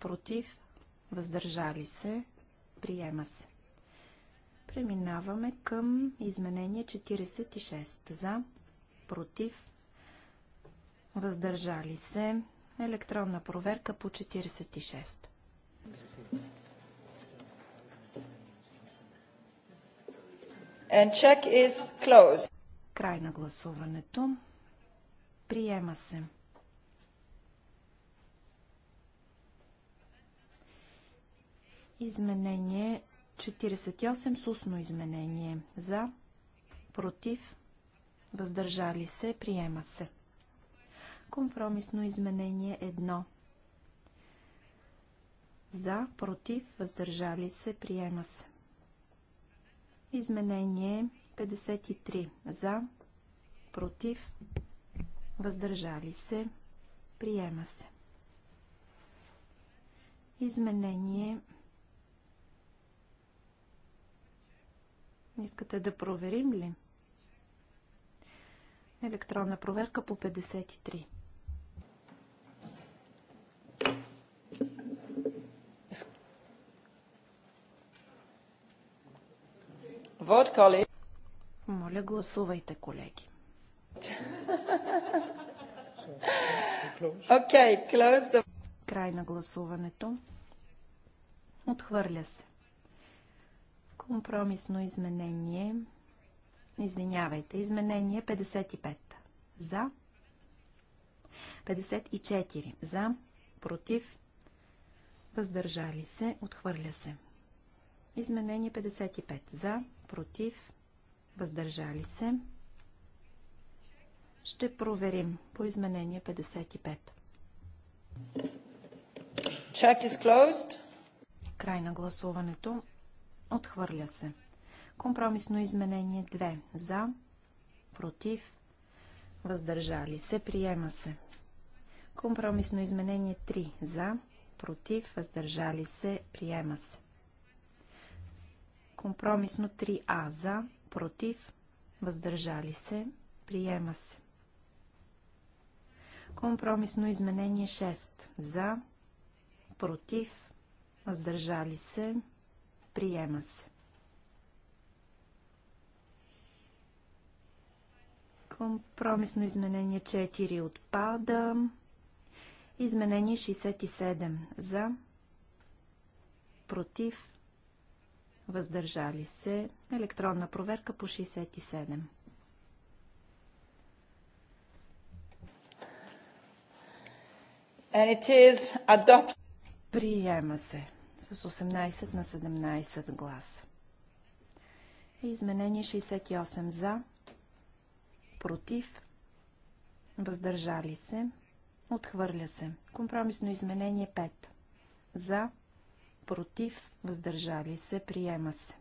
против, въздържали се, приема се. Преминаваме към изменение 46. За, против, въздържали се. Електронна проверка по 46. And check is closed. Край на гласуването. Приема се. Изменение 48 с устно изменение. За, против, въздържали се, приема се. Компромисно изменение 1. За, против, въздържали се, приема се. Изменение 53. За, против, въздържали се, приема се. Изменение Искате да проверим ли? Електронна проверка по 53. vote, Моля, гласувайте, колеги. okay, close the... Край на гласуването. Отхвърля се. Компромисно изменение. Извинявайте, изменение 55. За. 54. За. Против. Въздържали се. Отхвърля се. Изменение 55. За против, въздържали се. Ще проверим по изменение 55. Check is closed. Край на гласуването. Отхвърля се. Компромисно изменение 2. За, против, въздържали се, приема се. Компромисно изменение 3. За, против, въздържали се, приема се. Компромисно 3А за, против, въздържали се, приема се. Компромисно изменение 6 за, против, въздържали се, приема се. Компромисно изменение 4 отпада. Изменение 67 за, против, въздържали се, електронна проверка по 67. And it is adopt... Приема се с 18 на 17 гласа. Изменение 68 за, против, въздържали се, отхвърля се. Компромисно изменение 5 за, против, въздържали се, приема се.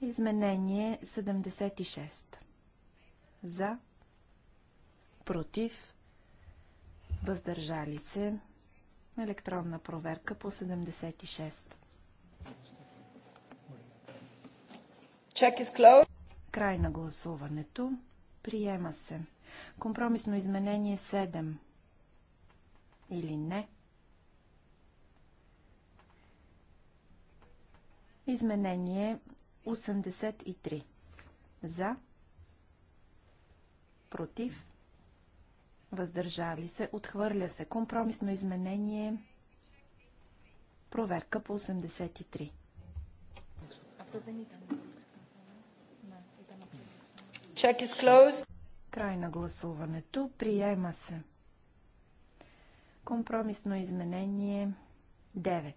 Изменение 76. За, против, въздържали се, електронна проверка по 76. Check is closed. Край на гласуването. Приема се. Компромисно изменение 7. Или не. Изменение 83. За. Против. Въздържали се. Отхвърля се. Компромисно изменение. Проверка по 83. Check is closed. Край на гласуването. Приема се. Компромисно изменение 9.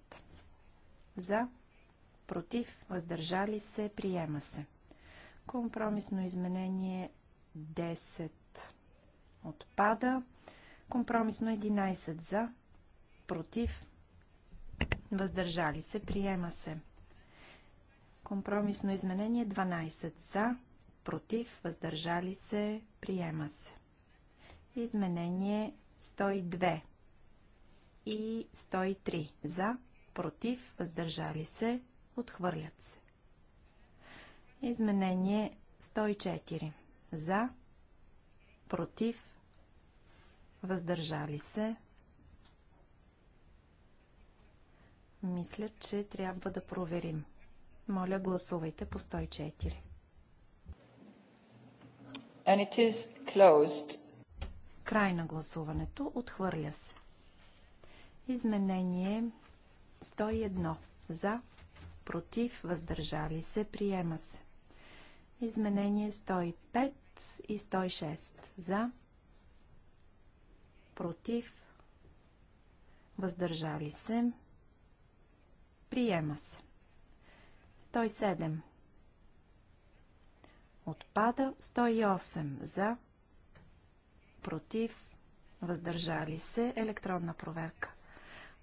За против, въздържали се, приема се. Компромисно изменение 10 отпада. Компромисно 11 за, против, въздържали се, приема се. Компромисно изменение 12 за, против, въздържали се, приема се. Изменение 102 и 103 за, против, въздържали се, Отхвърлят се. Изменение 104. За. Против. Въздържали се. Мисля, че трябва да проверим. Моля, гласувайте по 104. And it is closed. Край на гласуването. Отхвърля се. Изменение 101. За против, въздържали се, приема се. Изменение 105 и 106 за, против, въздържали се, приема се. 107 отпада, 108 за, против, въздържали се, електронна проверка.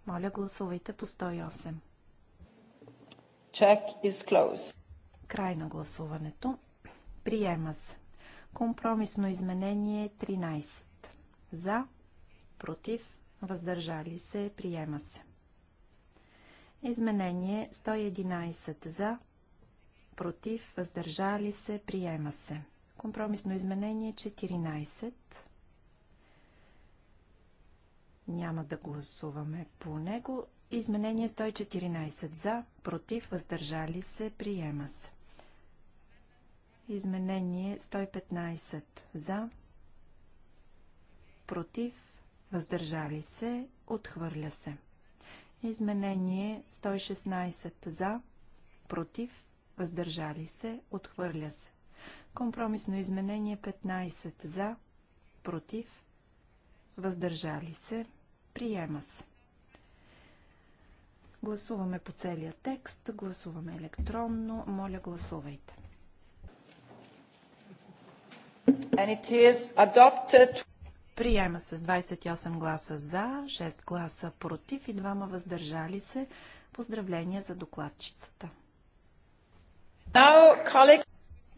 Моля гласувайте по 108. Check is closed. Край на гласуването. Приема се. Компромисно изменение 13. За, против, въздържали се, приема се. Изменение 111 за, против, въздържали се, приема се. Компромисно изменение 14. Няма да гласуваме по него. Изменение 114 за, против, въздържали се, приема се. Изменение 115 за, против, въздържали се, отхвърля се. Изменение 116 за, против, въздържали се, отхвърля се. Компромисно изменение 15 за, против, въздържали се, приема се. Гласуваме по целия текст, гласуваме електронно. Моля, гласувайте. Приема се с 28 гласа за, 6 гласа против и 2 въздържали се. Поздравления за докладчицата.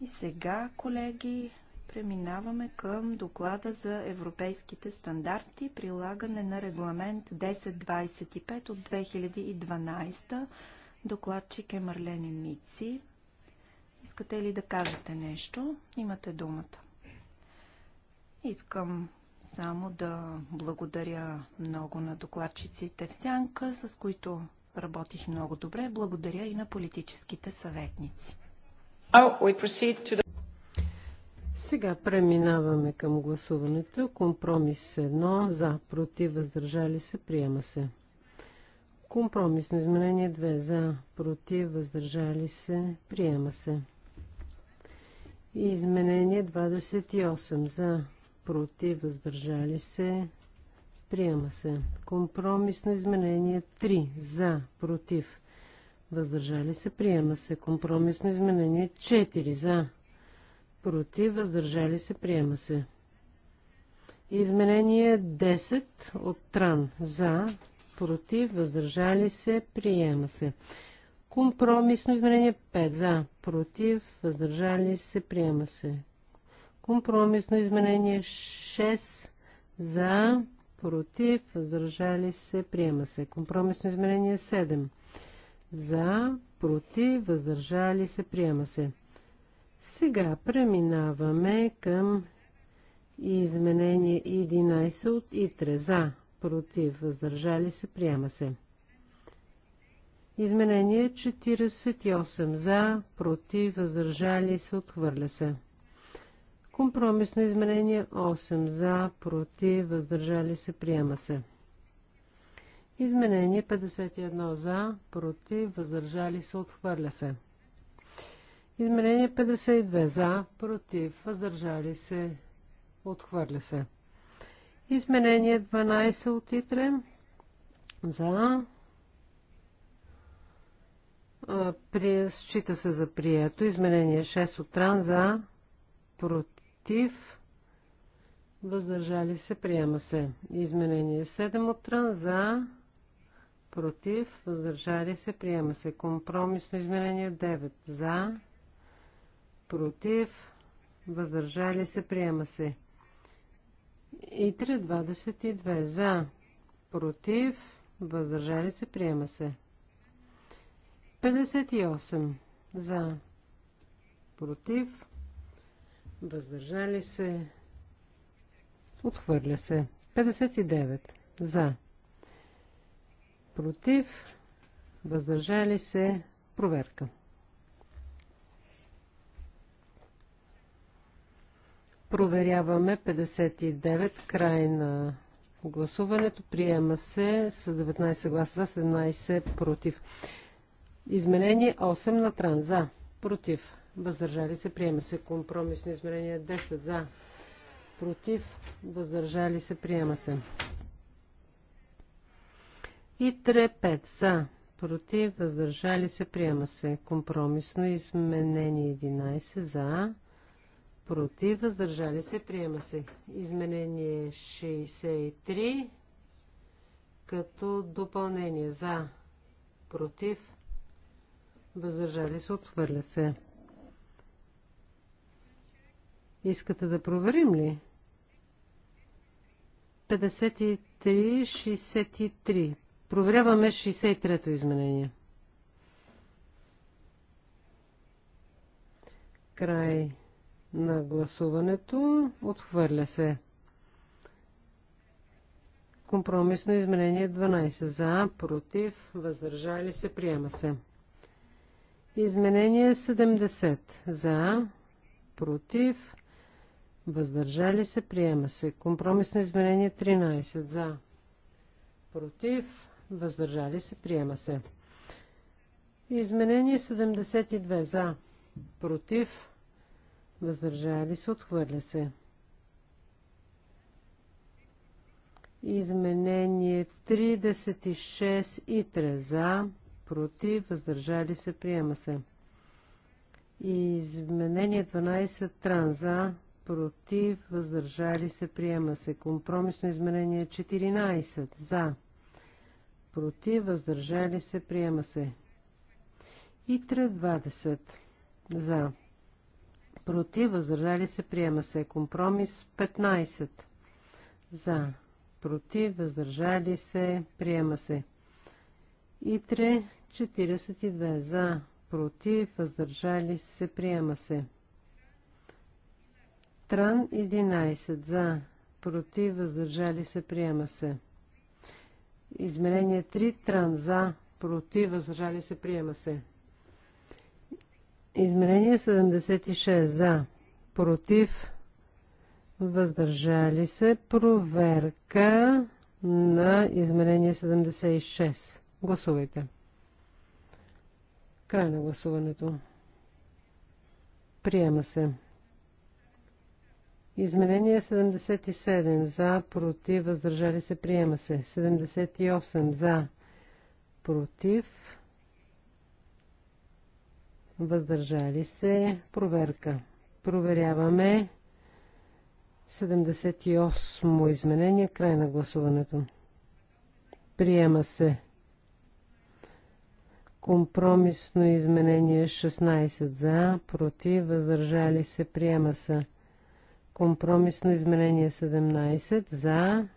и сега, колеги, преминаваме към доклада за европейските стандарти, прилагане на регламент 1025 от 2012. Докладчик е Марлене Мици. Искате ли да кажете нещо? Имате думата. Искам само да благодаря много на докладчиците в Сянка, с които работих много добре. Благодаря и на политическите съветници. Oh, сега преминаваме към гласуването. Компромис 1 за, против, въздържали се, приема се. Компромисно изменение 2 за, против, въздържали се, приема се. изменение 28 за, против, въздържали се, приема се. Компромисно изменение 3 за, против, въздържали се, приема се. Компромисно изменение 4 за, против, въздържали се, приема се. Изменение 10 от Тран. За, против, въздържали се, приема се. Компромисно изменение 5. За, против, въздържали се, приема се. Компромисно изменение 6. За, против, въздържали се, приема се. Компромисно изменение 7. За, против, въздържали се, приема се. Сега преминаваме към изменение 11 от ИТРЕ. За, против, въздържали се, приема се. Изменение 48 за, против, въздържали се, отхвърля се. Компромисно изменение 8 за, против, въздържали се, приема се. Изменение 51 за, против, въздържали се, отхвърля се. Изменение 52 за, против, въздържали се, отхвърля се. Изменение 12 от Итре за. При, счита се за прието. Изменение 6 от Тран за, против, въздържали се, приема се. Изменение 7 от Тран за, против, въздържали се, приема се. Компромисно изменение 9 за, против против, въздържали се, приема се. И 3.22 за, против, въздържали се, приема се. 58 за, против, въздържали се, отхвърля се. 59 за, против, въздържали се, проверка. Проверяваме 59, край на гласуването. Приема се с 19 гласа за, 17 против. Изменение 8 на тран за, против. Въздържали се, приема се компромисно изменение 10 за, против. Въздържали се, приема се. И 3 5 за, против. Въздържали се, приема се компромисно изменение 11 за, против, въздържали се, приема се. Изменение 63 като допълнение за, против, въздържали се, отхвърля се. Искате да проверим ли? 53-63. Проверяваме 63-то изменение. Край на гласуването. Отхвърля се. Компромисно изменение 12. За, против, въздържали се, приема се. Изменение 70. За, против, въздържали се, приема се. Компромисно изменение 13. За, против, въздържали се, приема се. Изменение 72. За, против, въздържали се, отхвърля се. Изменение 36 и 3 за, против, въздържали се, приема се. Изменение 12 тран за, против, въздържали се, приема се. Компромисно изменение 14 за, против, въздържали се, приема се. И 3 20 за, против, въздържали се, приема се. Компромис 15 за, против, въздържали се, приема се. Итре 42 за, против, въздържали се, приема се. Тран 11 за, против, въздържали се, приема се. Измерение 3 Тран за, против, въздържали се, приема се. Измерение 76 за, против, въздържали се, проверка на измерение 76. Гласувайте. Край на гласуването. Приема се. Измерение 77 за, против, въздържали се, приема се. 78 за, против, въздържали се, проверка. Проверяваме 78 изменение, край на гласуването. Приема се. Компромисно изменение 16 за, против, въздържали се, приема се. Компромисно изменение 17 за,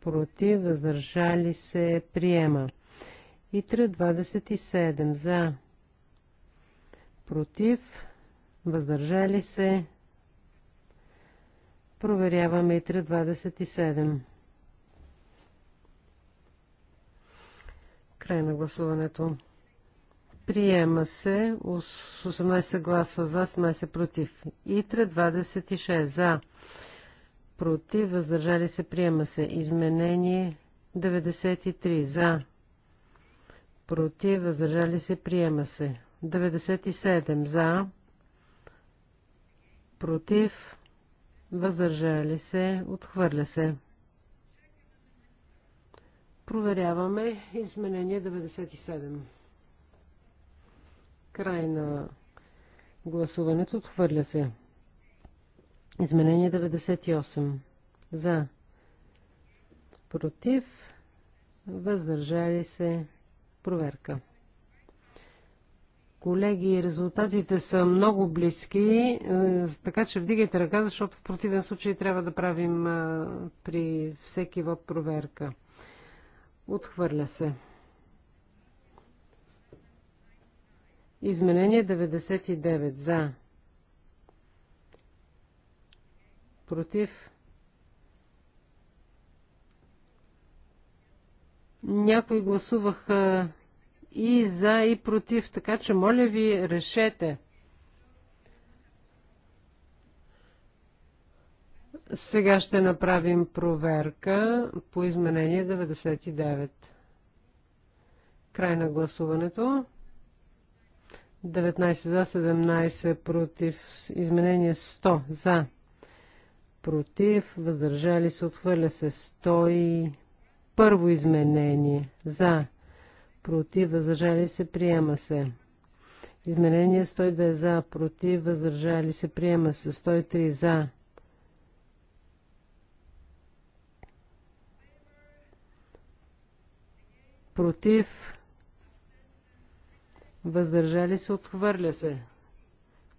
против, въздържали се, приема. И 27 за, против, въздържали се. Проверяваме и 327. Край на гласуването. Приема се с 18 гласа за, 17 против. И 326 за. Против, въздържали се, приема се. Изменение 93 за. Против, въздържали се, приема се. 97 за, против, въздържали се, отхвърля се. Проверяваме изменение 97. Край на гласуването отхвърля се. Изменение 98. За. Против. Въздържали се. Проверка. Колеги, резултатите са много близки, е, така че вдигайте ръка, защото в противен случай трябва да правим е, при всеки въп проверка. Отхвърля се. Изменение 99 за. Против. Някои гласуваха и за и против. Така че, моля ви, решете. Сега ще направим проверка по изменение 99. Край на гласуването. 19 за, 17 против. Изменение 100 за. Против. Въздържали се. Отхвърля се 100 и първо изменение за против, възражали се, приема се. Измерение 102 за, против, възражали се, приема се. 103 за. Против, въздържали се, отхвърля се.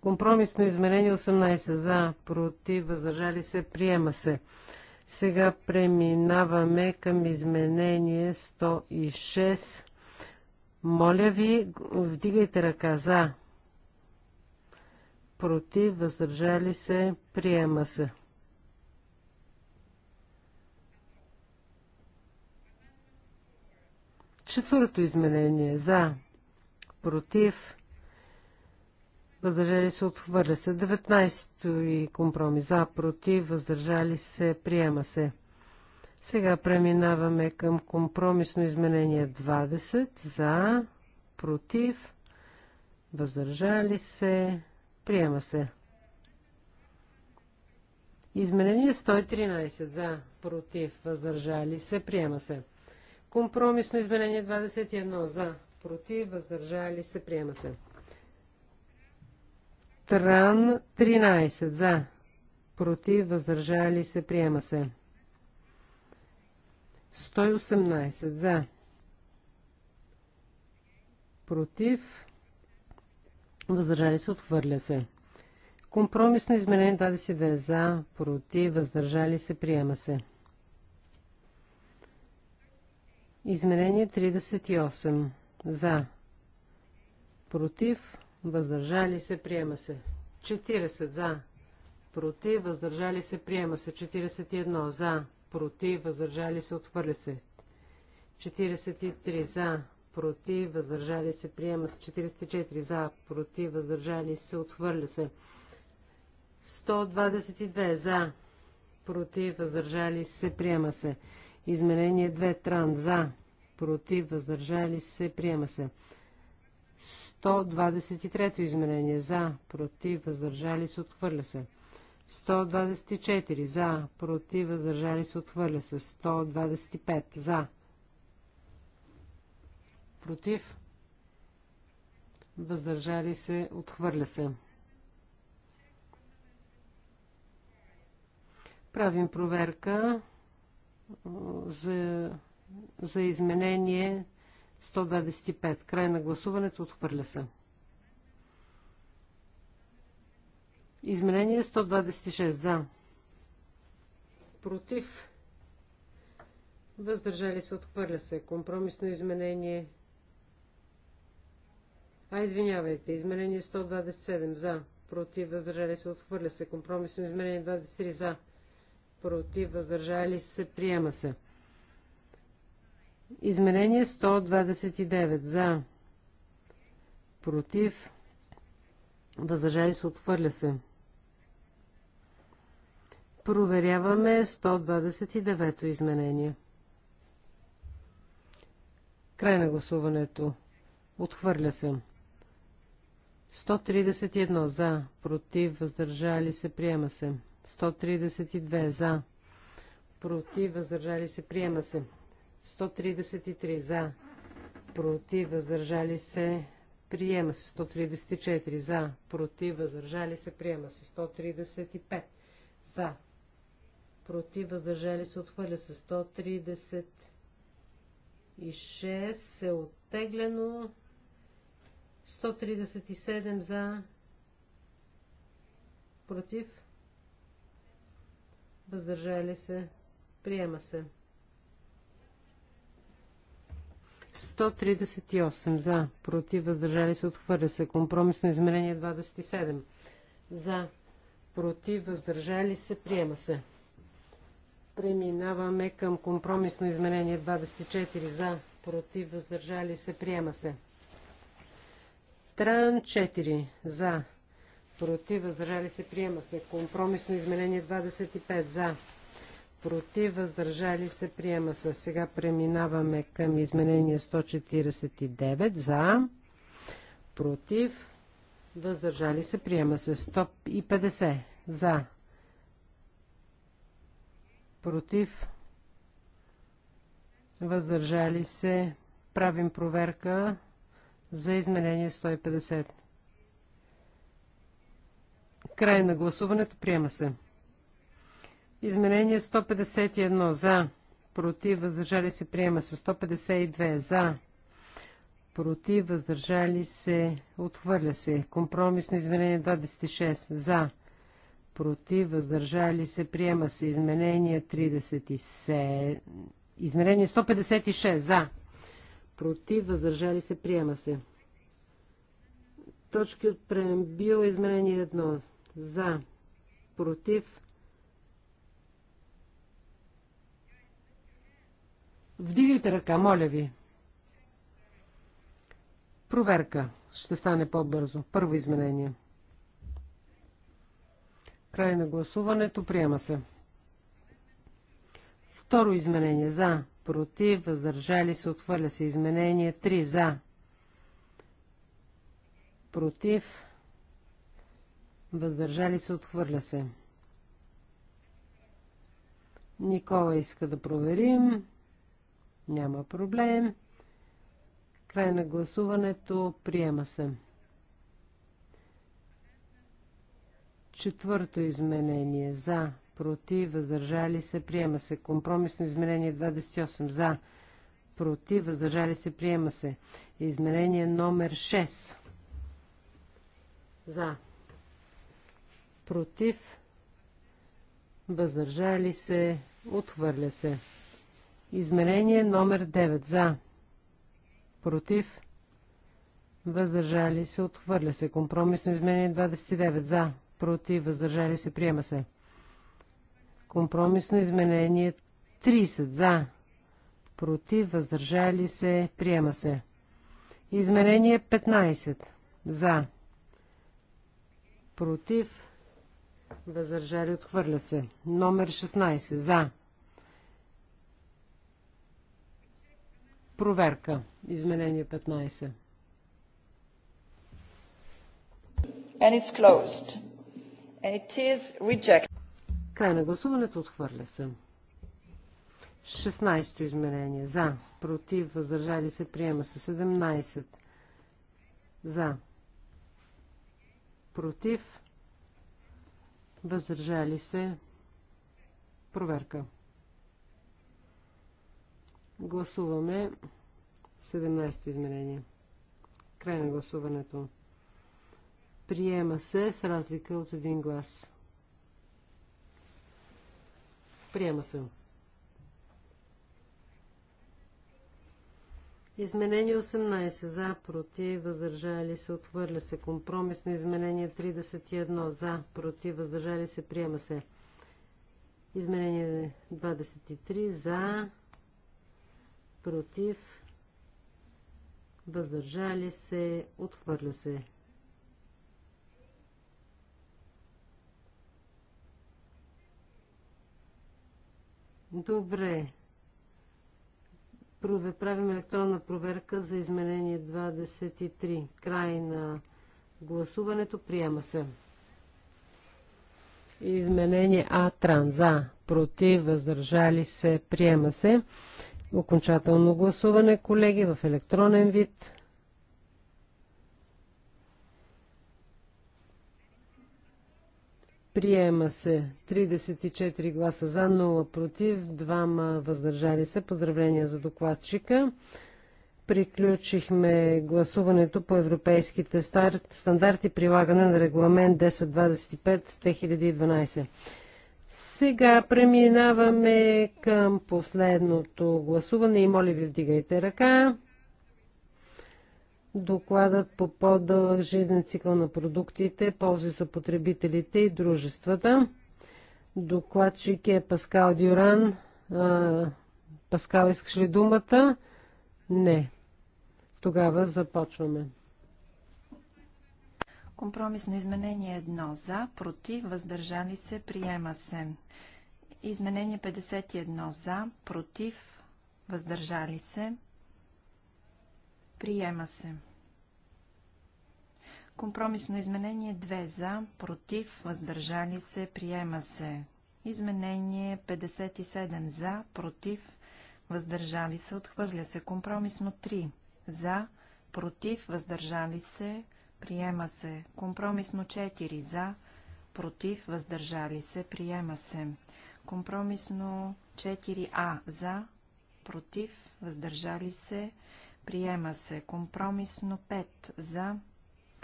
Компромисно измерение 18 за, против, въздържали се, приема се. Сега преминаваме към изменение 106 моля ви, вдигайте ръка за. Против, въздържали се, приема се. Четвърто изменение. За. Против. Въздържали се, отхвърля се. 19 и компромис. За. Против, въздържали се, приема се. Сега преминаваме към компромисно изменение 20 за, против, въздържали се, приема се. Изменение 113 за, против, въздържали се, приема се. Компромисно изменение 21 за, против, въздържали се, приема се. Тран 13 за, против, въздържали се, приема се. 118 за. Против. Въздържали се. Отхвърля се. Компромисно изменение 22 за. Против. Въздържали се. Приема се. Изменение 38 за. Против. Въздържали се. Приема се. 40 за. Против. Въздържали се. Приема се. 41 за против, въздържали се, отхвърля се. 43 за, против, въздържали се, приема се. 44 за, против, въздържали се, отхвърля се. 122 за, против, въздържали се, приема се. Изменение 2 тран за, против, въздържали се, приема се. 123 изменение за, против, въздържали се, отхвърля се. 124 за, против, въздържали се, отхвърля се. 125 за, против, въздържали се, отхвърля се. Правим проверка за, за изменение 125. Край на гласуването отхвърля се. Изменение 126 за. Против. Въздържали се, отхвърля се. Компромисно изменение. А, извинявайте, изменение 127 за. Против, въздържали се, отхвърля се. Компромисно изменение 23 за. Против, въздържали се, приема се. Изменение 129 за. Против. Въздържали се, отхвърля се. Проверяваме 129-то изменение. Край на гласуването. Отхвърля се. 131 за, против, въздържали се, приема се. 132 за, против, въздържали се, приема се. 133 за, против, въздържали се, приема се. 134 за, против, въздържали се, приема се. 135 за, против, въздържали се, отхвърля се 136, е оттеглено, 137 за, против, въздържали се, приема се. 138 за, против, въздържали се, отхвърля се. Компромисно измерение 27 за, против, въздържали се, приема се. Преминаваме към компромисно изменение 24 за, против, въздържали се, приема се. Тран 4 за, против, въздържали се, приема се. Компромисно изменение 25 за, против, въздържали се, приема се. Сега преминаваме към изменение 149 за, против, въздържали се, приема се. 150 за, против, въздържали се, правим проверка за изменение 150. Край на гласуването. Приема се. Изменение 151. За. Против. Въздържали се. Приема се. 152. За. Против. Въздържали се. Отхвърля се. Компромисно изменение 26. За против, въздържали се, приема се изменение 37, изменение 156, за, против, въздържали се, приема се. Точки от преембил, изменение 1, за, против, Вдигайте ръка, моля ви. Проверка. Ще стане по-бързо. Първо изменение. Край на гласуването. Приема се. Второ изменение. За. Против. Въздържали се. Отхвърля се. Изменение 3. За. Против. Въздържали се. Отхвърля се. Никола иска да проверим. Няма проблем. Край на гласуването. Приема се. Четвърто изменение за, против, въздържали се, приема се. Компромисно изменение 28 за, против, въздържали се, приема се. Изменение номер 6 за, против, въздържали се, отхвърля се. Изменение номер 9 за, против, въздържали се, отхвърля се. Компромисно изменение 29 за, против, въздържали се, приема се. Компромисно изменение 30 за, против, въздържали се, приема се. Изменение 15 за, против, въздържали, отхвърля се. Номер 16 за. Проверка. Изменение 15. And it's closed. Край на гласуването отхвърля се. 16-то изменение. За. Против. Въздържали се. Приема се. 17. За. Против. Въздържали се. Проверка. Гласуваме 17-то изменение. Край на гласуването. Приема се с разлика от един глас. Приема се. Изменение 18. За, против, въздържали се, отвърля се. Компромисно изменение 31. За, против, въздържали се, приема се. Изменение 23. За, против, въздържали се, отхвърля се. Добре. Прове, правим електронна проверка за изменение 23. Край на гласуването. Приема се. Изменение А. Тран. За. Против. Въздържали се. Приема се. Окончателно гласуване, колеги, в електронен вид. Приема се 34 гласа за, 0 против, 2 въздържали се. Поздравления за докладчика. Приключихме гласуването по европейските стандарти прилагане на регламент 1025-2012. Сега преминаваме към последното гласуване и моля ви вдигайте ръка. Докладът по по-дълъг жизнен цикъл на продуктите, ползи за потребителите и дружествата. Докладчик е Паскал Дюран. А, Паскал, искаш ли думата? Не. Тогава започваме. Компромисно изменение 1 за, против, въздържали се, приема се. Изменение 51 за, против, въздържали се, приема се. Компромисно изменение 2 за, против, въздържали се, приема се. Изменение 57 за, против, въздържали се, отхвърля се. Компромисно 3 за, против, въздържали се, приема се. Компромисно 4 за, против, въздържали се, приема се. Компромисно 4а за, против, въздържали се, приема се. Компромисно 5 за,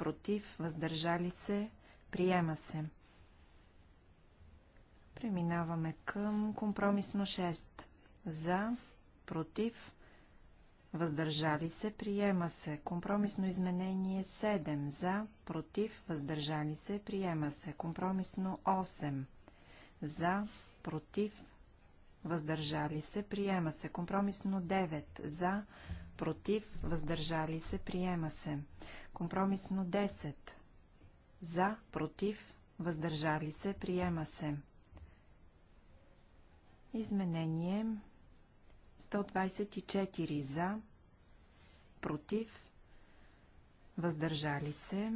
против, въздържали се, приема се. Преминаваме към компромисно 6. За, против, въздържали се, приема се. Компромисно изменение 7. За, против, въздържали се, приема се. Компромисно 8. За, против, въздържали се, приема се. Компромисно 9. За, против, въздържали се, приема се. Компромисно 10. За, против, въздържали се, приема се. Изменение 124 за, против, въздържали се.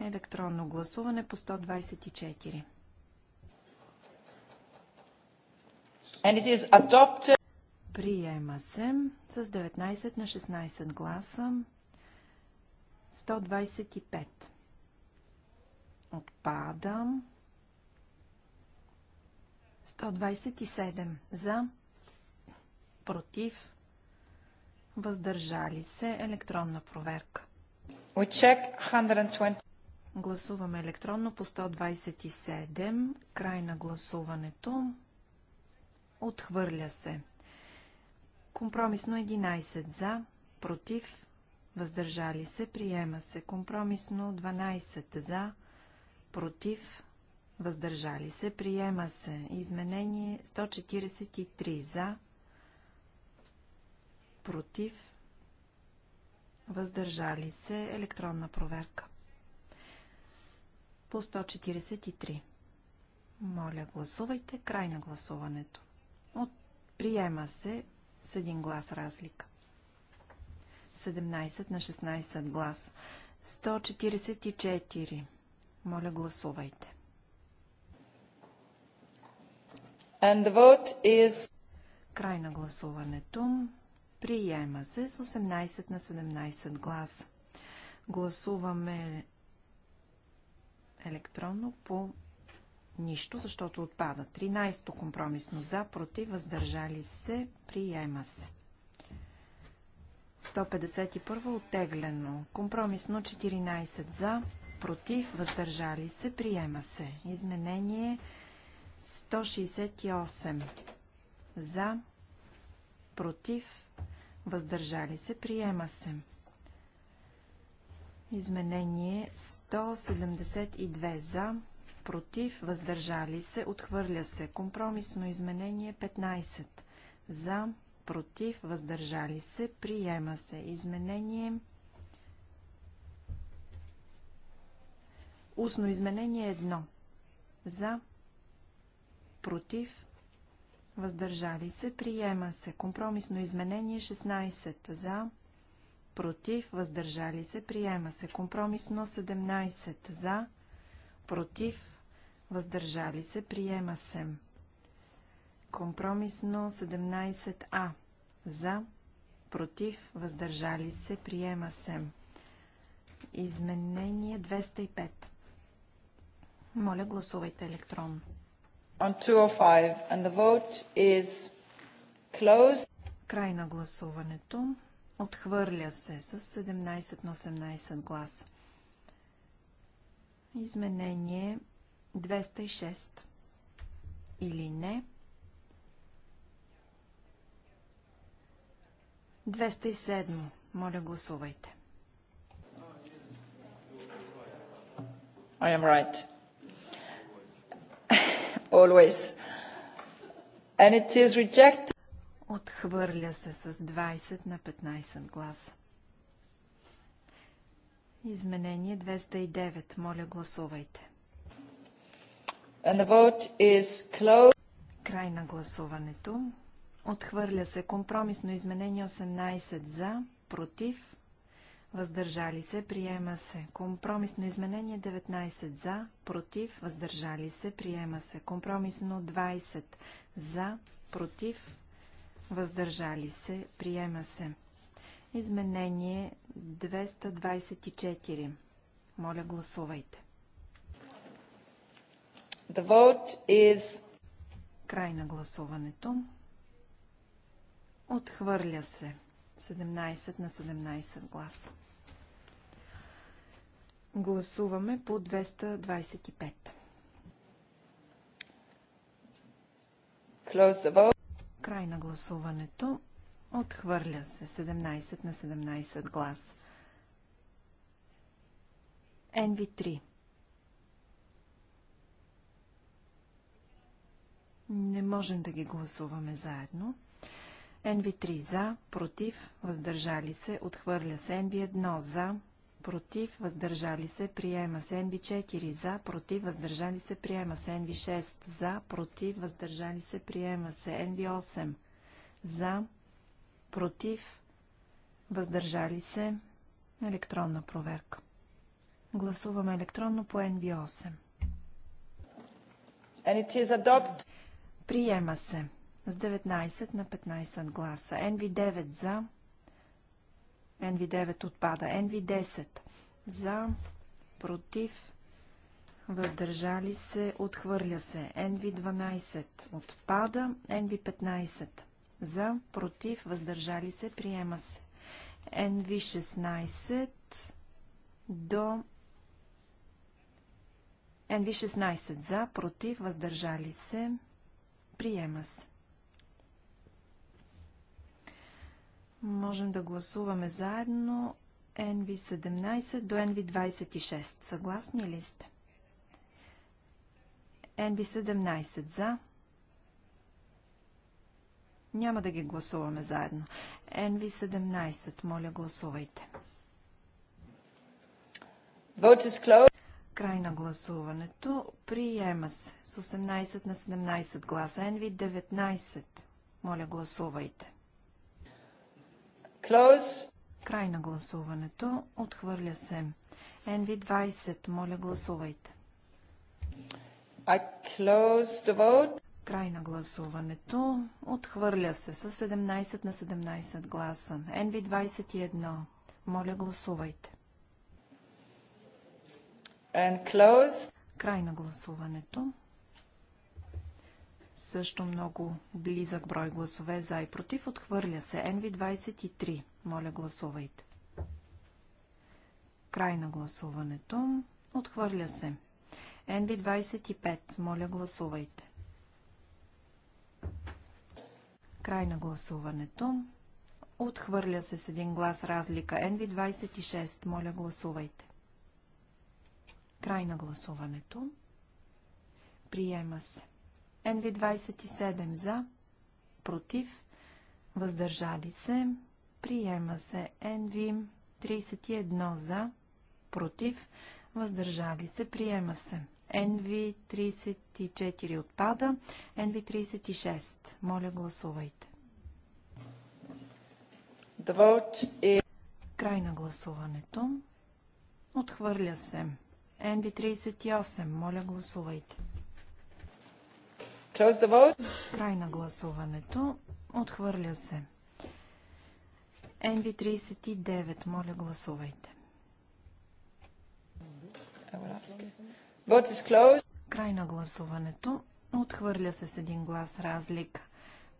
Електронно гласуване по 124. And it is adopted. Приема се с 19 на 16 гласа. 125. отпадам. 127. За. Против. Въздържали се. Електронна проверка. We check 120. Гласуваме електронно по 127. Край на гласуването. Отхвърля се. Компромисно 11 за, против, въздържали се, приема се. Компромисно 12 за, против, въздържали се, приема се. Изменение 143 за, против, въздържали се, електронна проверка. По 143. Моля, гласувайте край на гласуването. От... Приема се с един глас разлика. 17 на 16 глас. 144. Моля, гласувайте. And the vote is... Край на гласуването. Приема се с 18 на 17 глас. Гласуваме електронно по нищо, защото отпада. 13-то компромисно за, против, въздържали се, приема се. 151 оттеглено. Компромисно 14 за, против, въздържали се, приема се. Изменение 168 за, против, въздържали се, приема се. Изменение 172 за, против, въздържали се, отхвърля се. Компромисно изменение 15 за, против, против, въздържали се, приема се. Изменение Устно изменение едно. За, против, въздържали се, приема се. Компромисно изменение 16. За, против, въздържали се, приема се. Компромисно 17. За, против, въздържали се, приема се. Компромисно 17А. За, против, въздържали се, приема се. Изменение 205. Моля, гласувайте електронно. On 205 and the vote is closed. Край на гласуването. Отхвърля се с 17 на 18 гласа. Изменение 206. Или не. 207. Моля, гласувайте. I am right. Always. And it is Отхвърля се с 20 на 15 гласа. Изменение 209. Моля, гласувайте. And the vote is closed. Край на гласуването. Отхвърля се компромисно изменение 18 за, против, въздържали се, приема се. Компромисно изменение 19 за, против, въздържали се, приема се. Компромисно 20 за, против, въздържали се, приема се. Изменение 224. Моля, гласувайте. The vote is... Край на гласуването. Отхвърля се. 17 на 17 гласа. Гласуваме по 225. Край на гласуването. Отхвърля се 17 на 17 глас. NV3. Не можем да ги гласуваме заедно. NV3 за, против, въздържали се, отхвърля се. NV1 за, против, въздържали се, приема се. NV4 за, против, въздържали се, приема се. NV6 за, против, въздържали се, приема се. NV8 за, против, въздържали се, електронна проверка. Гласуваме електронно по NV8. Приема се с 19 на 15 гласа. NV9 за. NV9 отпада. NV10 за. Против. Въздържали се. Отхвърля се. NV12 отпада. NV15 за. Против. Въздържали се. Приема се. NV16 до NV16 за, против, въздържали се, приема се. Можем да гласуваме заедно NV17 до NV26. Съгласни ли сте? NV17 за. Няма да ги гласуваме заедно. NV17, моля гласувайте. Край на гласуването. Приема се с 18 на 17 гласа. NV19, моля гласувайте. Close. Край на гласуването. Отхвърля се. NV20. Моля, гласувайте. I close the vote. Край на гласуването. Отхвърля се с 17 на 17 гласа. NV21. Моля, гласувайте. And close. Край на гласуването също много близък брой гласове за и против. Отхвърля се. NV23. Моля, гласувайте. Край на гласуването. Отхвърля се. NV25. Моля, гласувайте. Край на гласуването. Отхвърля се с един глас разлика. NV26. Моля, гласувайте. Край на гласуването. Приема се. Енви 27 за, против, въздържали се, приема се. Енви 31 за, против, въздържали се, приема се. NV34 отпада, NV36. Моля, гласувайте. Край на гласуването. Отхвърля се. NV38. Моля, гласувайте. Край на гласуването. Отхвърля се. NV39. Моля, гласувайте. Край на гласуването. Отхвърля се с един глас разлика.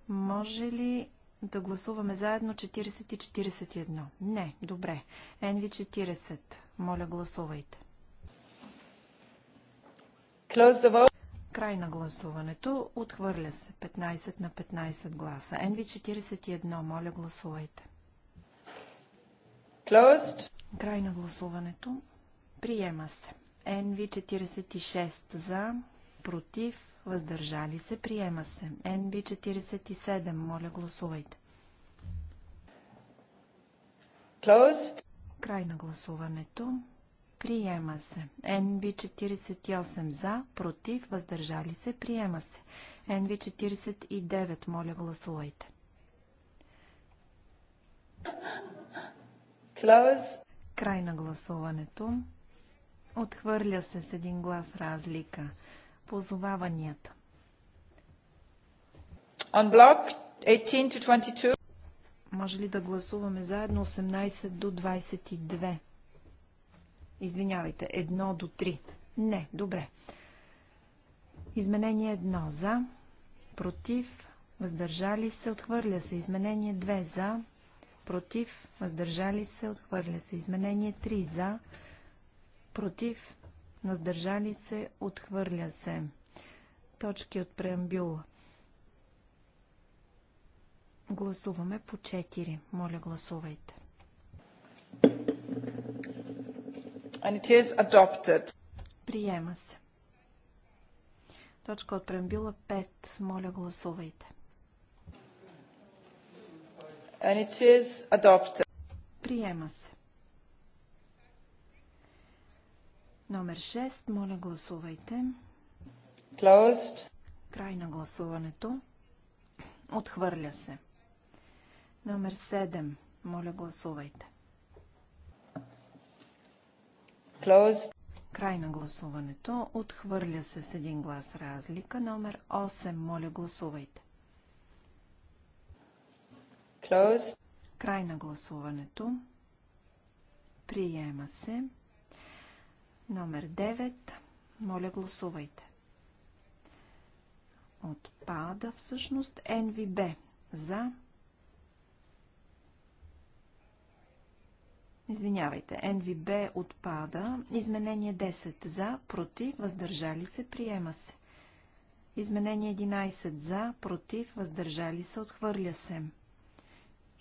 Може ли да гласуваме заедно 40 и 41? Не, добре. NV40. Моля, гласувайте. Край на гласуването. Отхвърля се. 15 на 15 гласа. NV41. Моля, гласувайте. Closed. Край на гласуването. Приема се. NV46 за, против, въздържали се. Приема се. NV47. Моля, гласувайте. Closed. Край на гласуването. Приема се. НВ 48 за, против, въздържали се. Приема се. НВ 49. Моля, гласувайте. Close. Край на гласуването. Отхвърля се с един глас разлика. Позоваванията. On block 18 to 22. Може ли да гласуваме заедно 18 до 22? Извинявайте, едно до три. Не, добре. Изменение 1 за, против, въздържали се, отхвърля се. Изменение 2 за, против, въздържали се, отхвърля се. Изменение 3 за, против, въздържали се, отхвърля се. Точки от преамбюла. Гласуваме по 4. Моля, гласувайте. Thank you and it is adopted. Приема се. Точка от преамбила 5. Моля гласувайте. And it is adopted. Приема се. Номер 6. Моля гласувайте. Closed. Край на гласуването. Отхвърля се. Номер 7. Моля гласувайте. Closed. Край на гласуването. Отхвърля се с един глас разлика. Номер 8. Моля, гласувайте. Closed. Край на гласуването. Приема се. Номер 9. Моля, гласувайте. Отпада всъщност НВБ. За. Извинявайте, НВБ отпада. Изменение 10 за, против, въздържали се, приема се. Изменение 11 за, против, въздържали се, отхвърля се.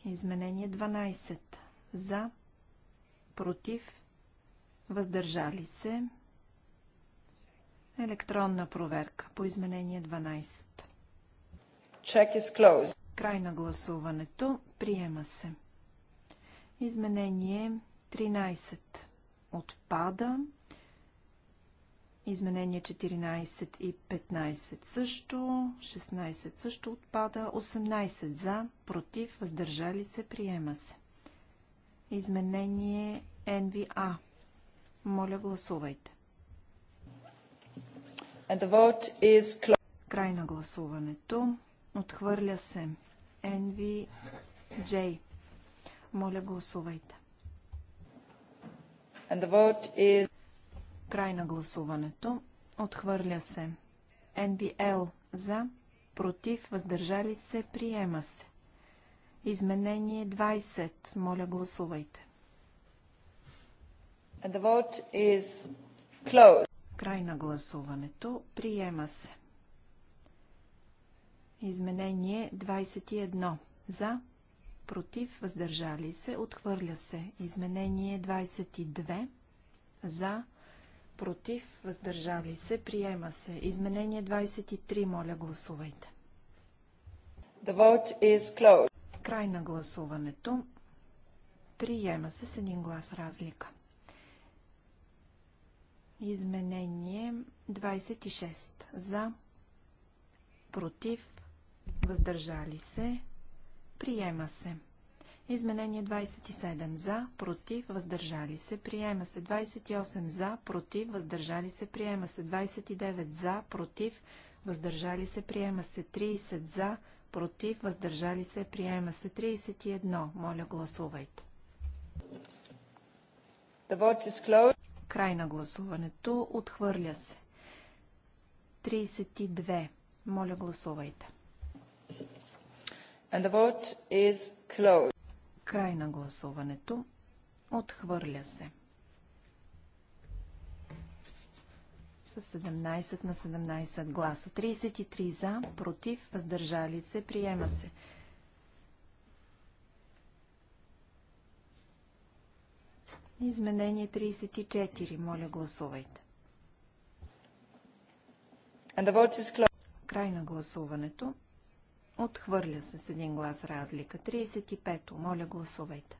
Изменение 12 за, против, въздържали се. Електронна проверка по изменение 12. Check is closed. Край на гласуването. Приема се. Изменение 13 отпада. Изменение 14 и 15 също. 16 също отпада. 18 за, против, въздържали се, приема се. Изменение NVA. Моля, гласувайте. Is... Край на гласуването. Отхвърля се. NVJ. Моля, гласувайте. Is... Край на гласуването. Отхвърля се. NBL за, против, въздържали се, приема се. Изменение 20. Моля, гласувайте. And the vote is closed. Край на гласуването. Приема се. Изменение 21. За, против, въздържали се, отхвърля се. Изменение 22 за, против, въздържали се, приема се. Изменение 23, моля гласувайте. The vote is closed. Край на гласуването. Приема се с един глас разлика. Изменение 26 за, против, въздържали се, Приема се. Изменение 27 за, против, въздържали се, приема се. 28 за, против, въздържали се, приема се. 29 за, против, въздържали се, приема се. 30 за, против, въздържали се, приема се. 31. Моля, гласувайте. Край на гласуването. Отхвърля се. 32. Моля, гласувайте. And the vote is closed. Край на гласуването. Отхвърля се. С 17 на 17 гласа. 33 за, против, въздържали се, приема се. Изменение 34. Моля, гласувайте. Край на гласуването. Отхвърля се с един глас разлика. 35-то. Моля, гласувайте.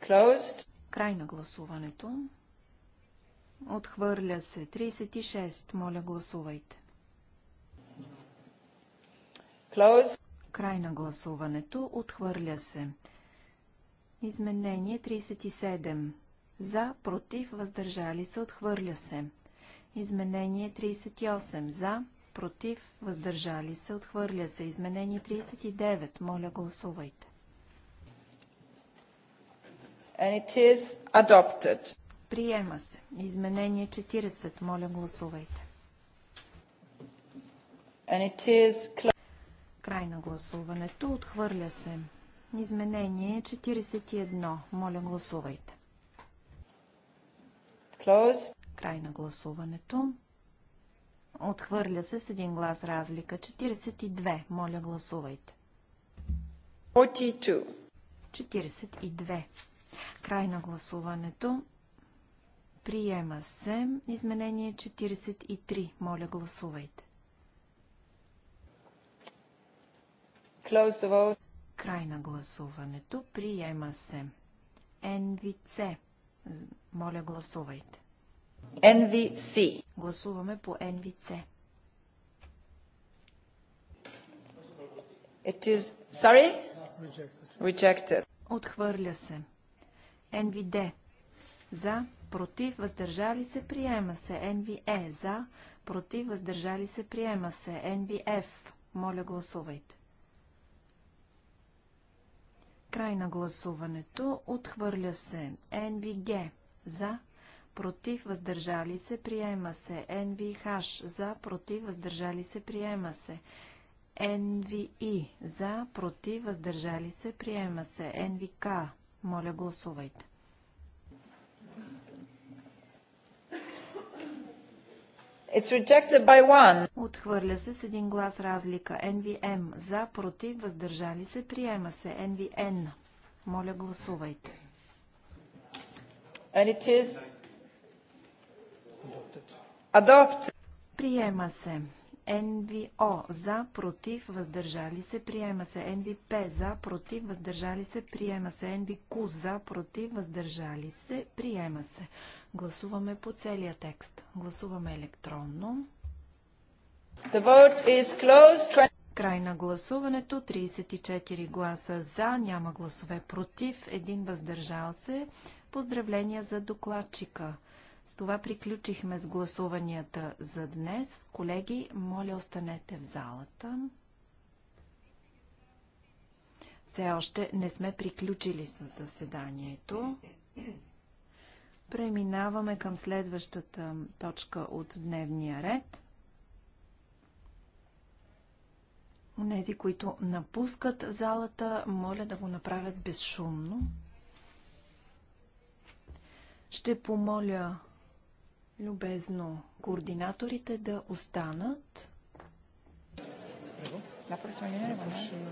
Closed. Край на гласуването. Отхвърля се. 36. Моля, гласувайте. Closed. Край на гласуването. Отхвърля се. Изменение 37. За, против, въздържали се, отхвърля се. Изменение 38. За, против, въздържали се, отхвърля се. Изменение 39. Моля, гласувайте. And it is adopted. Приема се. Изменение 40. Моля, гласувайте. And it is... Край на гласуването. Отхвърля се. Изменение 41. Моля, гласувайте. Close. Край на гласуването. Отхвърля се с един глас разлика. 42. Моля, гласувайте. 42. 42. Край на гласуването. Приема се. Изменение 43. Моля, гласувайте. Close the vote. Край на гласуването. Приема се. НВЦ. Моля, гласувайте. NVC. Гласуваме по NVC. It is... Sorry? Rejected. Отхвърля се. NVD. За, против, въздържали се, приема се. NVE. Е. За, против, въздържали се, приема се. NVF. Моля, гласувайте. Край на гласуването. Отхвърля се. NVG. За, против, въздържали се, приема се. NVH за, против, въздържали се, приема се. NVI за, против, въздържали се, приема се. NVK. Моля, гласувайте. It's rejected by one. Отхвърля се с един глас разлика. NVM. За, против, въздържали се, приема се. NVN. Моля, гласувайте. And it is Адопция. Приема се. НВО за, против, въздържали се, приема се. НВП за, против, въздържали се, приема се. НВК за, против, въздържали се, приема се. Гласуваме по целия текст. Гласуваме електронно. The vote is closed. Край на гласуването. 34 гласа за, няма гласове против, един въздържал се. Поздравления за докладчика. С това приключихме с гласуванията за днес. Колеги, моля останете в залата. Все още не сме приключили с заседанието. Преминаваме към следващата точка от дневния ред. Унези, които напускат залата, моля да го направят безшумно. Ще помоля любезно координаторите да останат. La